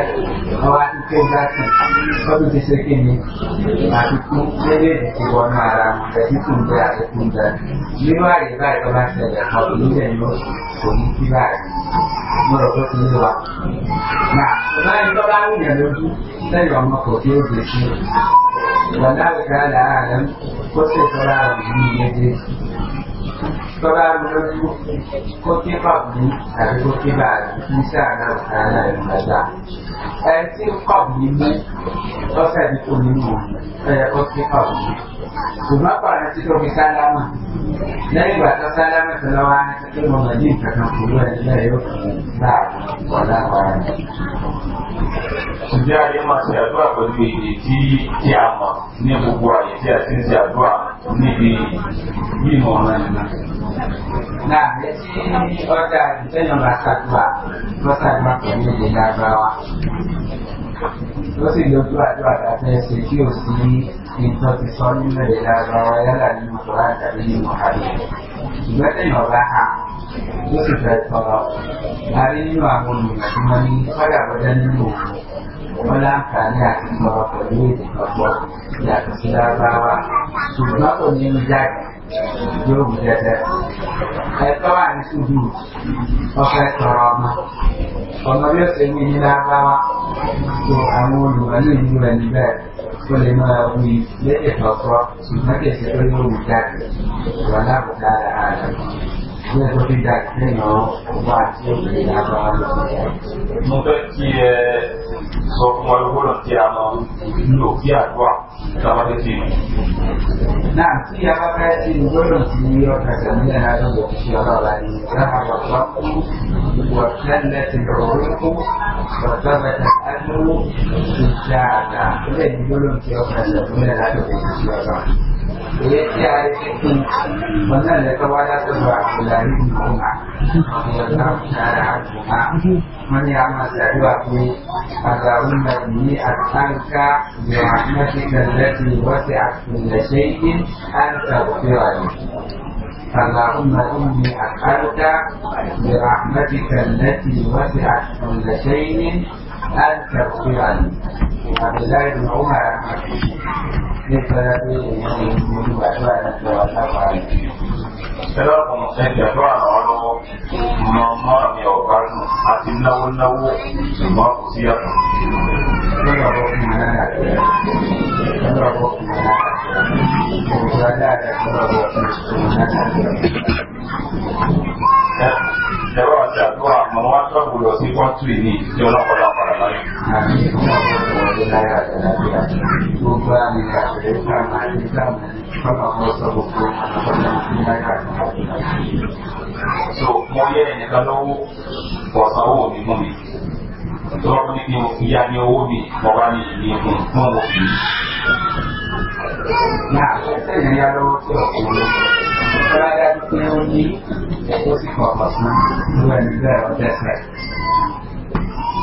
ọwọ́ àti kí o bá kì ó tún ti ṣe kí ni àti kú méjèèjì ti wọnú ara ẹ̀sìn kù ń bẹ àti kù ń bẹ. Nínú àyè báyìí tó bá ṣẹlẹ̀ kan kò ní lè mú kò ní kí báyìí. Mo rò pé kí ń wà. Nà ọ̀nà ìjọba bá ń yàn lójú lẹ́yìn ọmọ kò tí ó gbé sí. Wọ̀n dáwọ̀ ìkàlà tọ́lá lọ́jú kó ké pàbí tàbí kó ké bá àdúgbò sáànà sáànà ìgbàgbà. ẹ tí ń pàbí ní lọ́sẹ̀ bí kò ní mọ̀ ẹ̀yẹ kó ké pàbí. ṣùgbọ́n pàrọ̀ tí tó fi sálámà lẹ́yìn ìgbà tó sálámà tó lọ́wọ́ á ti pé mọ̀mọ́ ní ìkankan kò ló ẹni náà yóò fi gbà wọ́lá wàrà. ǹjẹ́ ayé máa ṣe àdúrà pẹ̀lú èdè tí tí a mọ̀ ní gbogbo àyè tí a ti ń ṣe àdúrà níbi mímọ̀ náà Nah, jadi oda kita yang merasa tua, merasa tua kami di Nagawa. Terus hidup tua ada sesuatu nǹkan ti sọ nínú èdè lágbára yálà nínú koran tàbí nínú àdé ṣùgbọ́n tẹ̀yìn ọba hàn ó sì fẹ́ tọrọ a rí nínú àwọn olùmọ̀ tí wọ́n ní kọ́dà bọ́já nínú òun wọ́n láǹfààní àti tọrọ pẹ̀lú èdè ọ̀pọ̀ yàtọ̀ sí lágbára ṣùgbọ́n kò ní jáde yóò ọmọ bí ó ṣe wí ní lágbára tó àwọn olùmọ̀ ìlú rẹ̀ níbẹ̀. ولماوي لم يتنصر من مجلس يقرب الوداد ولا مدار عالم io profittasse no, faccio la parola. Non perché so come loro stiamo, lo chiaro, stava dicendo. No, sì, a parte il giorno signor Casamina ha dato chiaro la linea, ha fatto وكانت العروق وثبت الامر في الساعه. لذلك يقولون في اوقات الدنيا لا تؤذي wannan da ta wadatar ba ku lari kuma da ta da kuma manya masu yaduwa ku a zaun da ni a tsanka da rahmatin da zafi wasu a kulle shaikin an tafiya ne اللهم إني أسألك برحمتك التي وسعت an tafsiran Abdullahi bin Umar nípa pé èèyàn ní ojú àdúrà nípa ọ̀sáfà rẹ̀. Ṣẹlẹ̀ ọkùnrin ṣẹ̀jẹ̀ tó àná lọ́wọ́ mọ́ mi ọ̀gá nù àti náwó náwó ṣùgbọ́n kò sí ẹ̀kọ́. Ẹ̀rọ ọ̀sẹ̀ àdúrà mọ̀ wá sọ́ọ̀bù sí kọ́ńtù ìní ìjọ náà Nanti semua wilayah adalah dia bukan wilayah desa, desa, kalau sebuku wilayah. So, moye ni kalau puasa wo ni mumi. Tolong ni ni ya ni wo ni bawa ni ni pun mau. Nah, saya ni ya lo tu. Kalau ada tu ni, aku sih mau pasang. Bukan juga, that's right.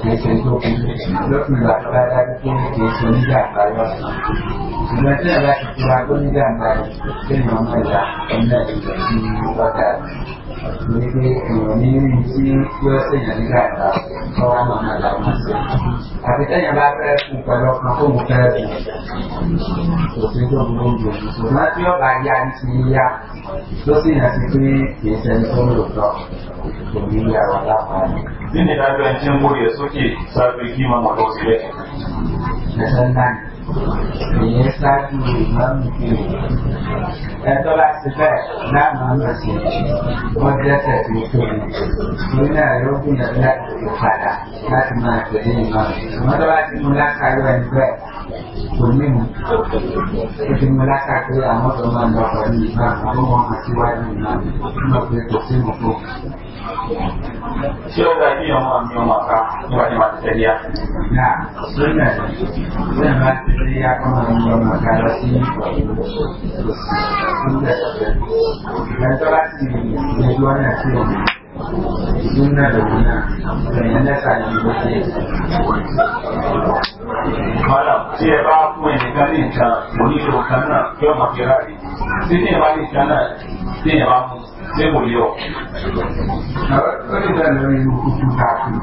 ṣeéṣe tó kú lókùn ìgbà tó bá dájú pé ṣeéṣe oníjàmbá yọ ṣùgbọ́n tí ìyàbá ti fura tó níjàmbá lẹ́yìn ọmọ ìyá ọmọ ìyá sí ọ̀dà ní pé èèyàn ní rí tí yóò ṣèyàn níjàmbá tó wá mọ̀ náà làwọn ṣe àti tẹ́yìn bá fẹ́ fún pẹ̀lú ọkàn tó mú fẹ́ rí kò sí tó burú 请部里书记再对的关同志讲。ìyẹn ṣáájú ìmáàmù kiri ẹtọ́ láti bẹ́ẹ̀ láàmú àmàṣe wọ́n dẹ́sẹ̀ tó tóbi torí náà yóò gbìyànjú láti tó padà láti máa tẹ̀lé ìmáàmù àmọ́ tó bá ti mú lásàáyọ ẹni bẹ́ẹ̀ kò ní mu ó ti mú lásàáyọ àwọn tó máa ń lọ pẹ̀lú ìmáàmù àwọn ọmọ àti wájú ìmáàmù nígbà pé kò sí mu tó. Ṣé ó gba bí ọmọ mi ọmọ ká níwájú àti tẹ̀lé à? Náà, lórí náà, lórí náà pria mengalasi sini, tujuannya sini karena dia Sini sai gobe yau wani da na yi hukuncin kafin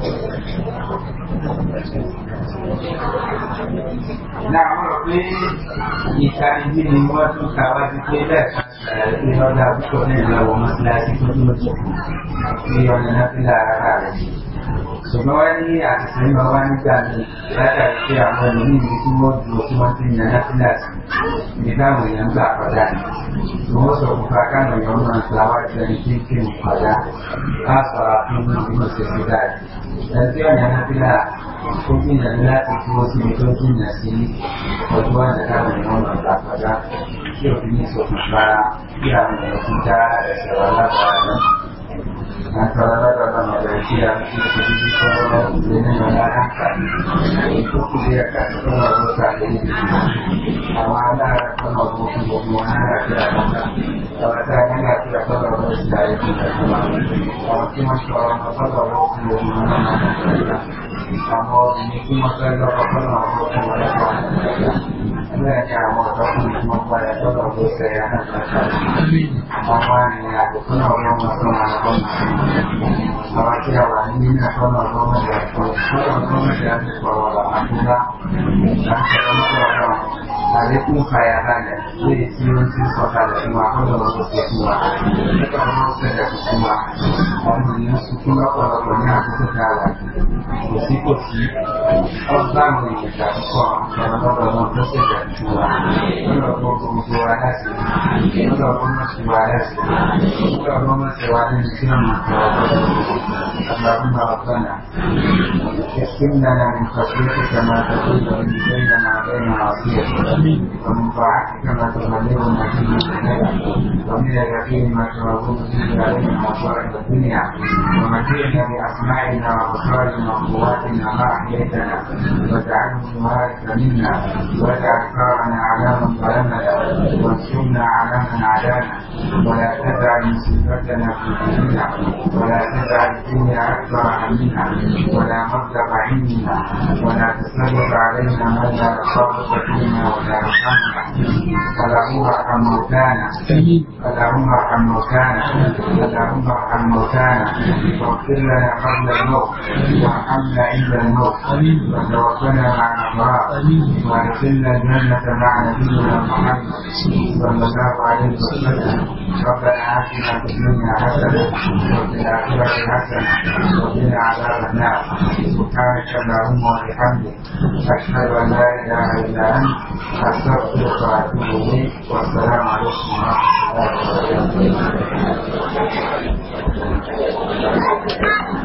Nah, mo rò pé ìṣàlejì ni wọ́n tún ka wá sí pé lẹ́ẹ̀kan ṣàlàyé ọ̀dà púpọ̀ náà lọ́wọ́ ṣùgbọ́n wá ní àtìsí máa wá nígbà mi látàrí pé àwọn ènìyàn ibi tí wọ́n dúró tí wọ́n ti ń yan náfìlàsì ibi táwọn èèyàn gbà kọjá ni wọ́n sọ fún kákánà yọ máa láwá jẹni tí ń kírun kọjá á sọ̀rọ̀ fún bí mo ṣe ṣe dáa ẹni tí Masyarakat dari siang ini mengatakan itu kebijakan pengurusan ini. Amanah pengurusan pembunuhan tidak pernah. saya tidak pernah bersedaya tidak pernah. Kalau cuma seorang apa kalau pembunuhan tidak pernah. Kamu ini cuma saya nggak pernah bersedaya เมื่ออาจารย์มองเรามองไปก็เราดูเสียนะครับมองว่าเนี่ยบุคคลเราลงมาสมาคมสมาธิเราอันนี้นะก็เราลงมาแล้วก็เราลงมาแล้วก็เราอันนี้ละหลังจากนั้นก็เราอาเลกุขายอะไรเนี่ยที่ซีนซีสอดอะไรมาก็เราลงเสียมาแล้วก็เราเสียมาตอนนี้สุขุมเราก็เราเนี่ยก็จะได้ละสิ่งที่ก็ที่เราสร้างเองจากความแล้วก็เราลงเสีย Bismillahirrahmanirrahim. أحبارنا على من ظلمنا وانصرنا على من عادانا ولا تدع مصيبتنا في ديننا ولا تدع الدنيا أكبر همنا ولا مبلغ علمنا ولا تسلط علينا من لا يخافك فينا ولا يرحمنا فلهم ارحم موتانا فلهم ارحم موتانا فلهم ارحم موتانا واغفر لنا قبل الموت وارحمنا عند الموت وتوفنا مع الأبرار وادخلنا الجنة وسلم مع نبينا محمد صلى الله عليه وسلم ربنا آتنا في الدنيا حسنة وفي الآخرة حسنة وقنا عذاب النار سبحانك اللهم وبحمدك أشهد أن لا إله إلا أنت أستغفرك وأتوب إليك والسلام عليكم ورحمة الله وبركاته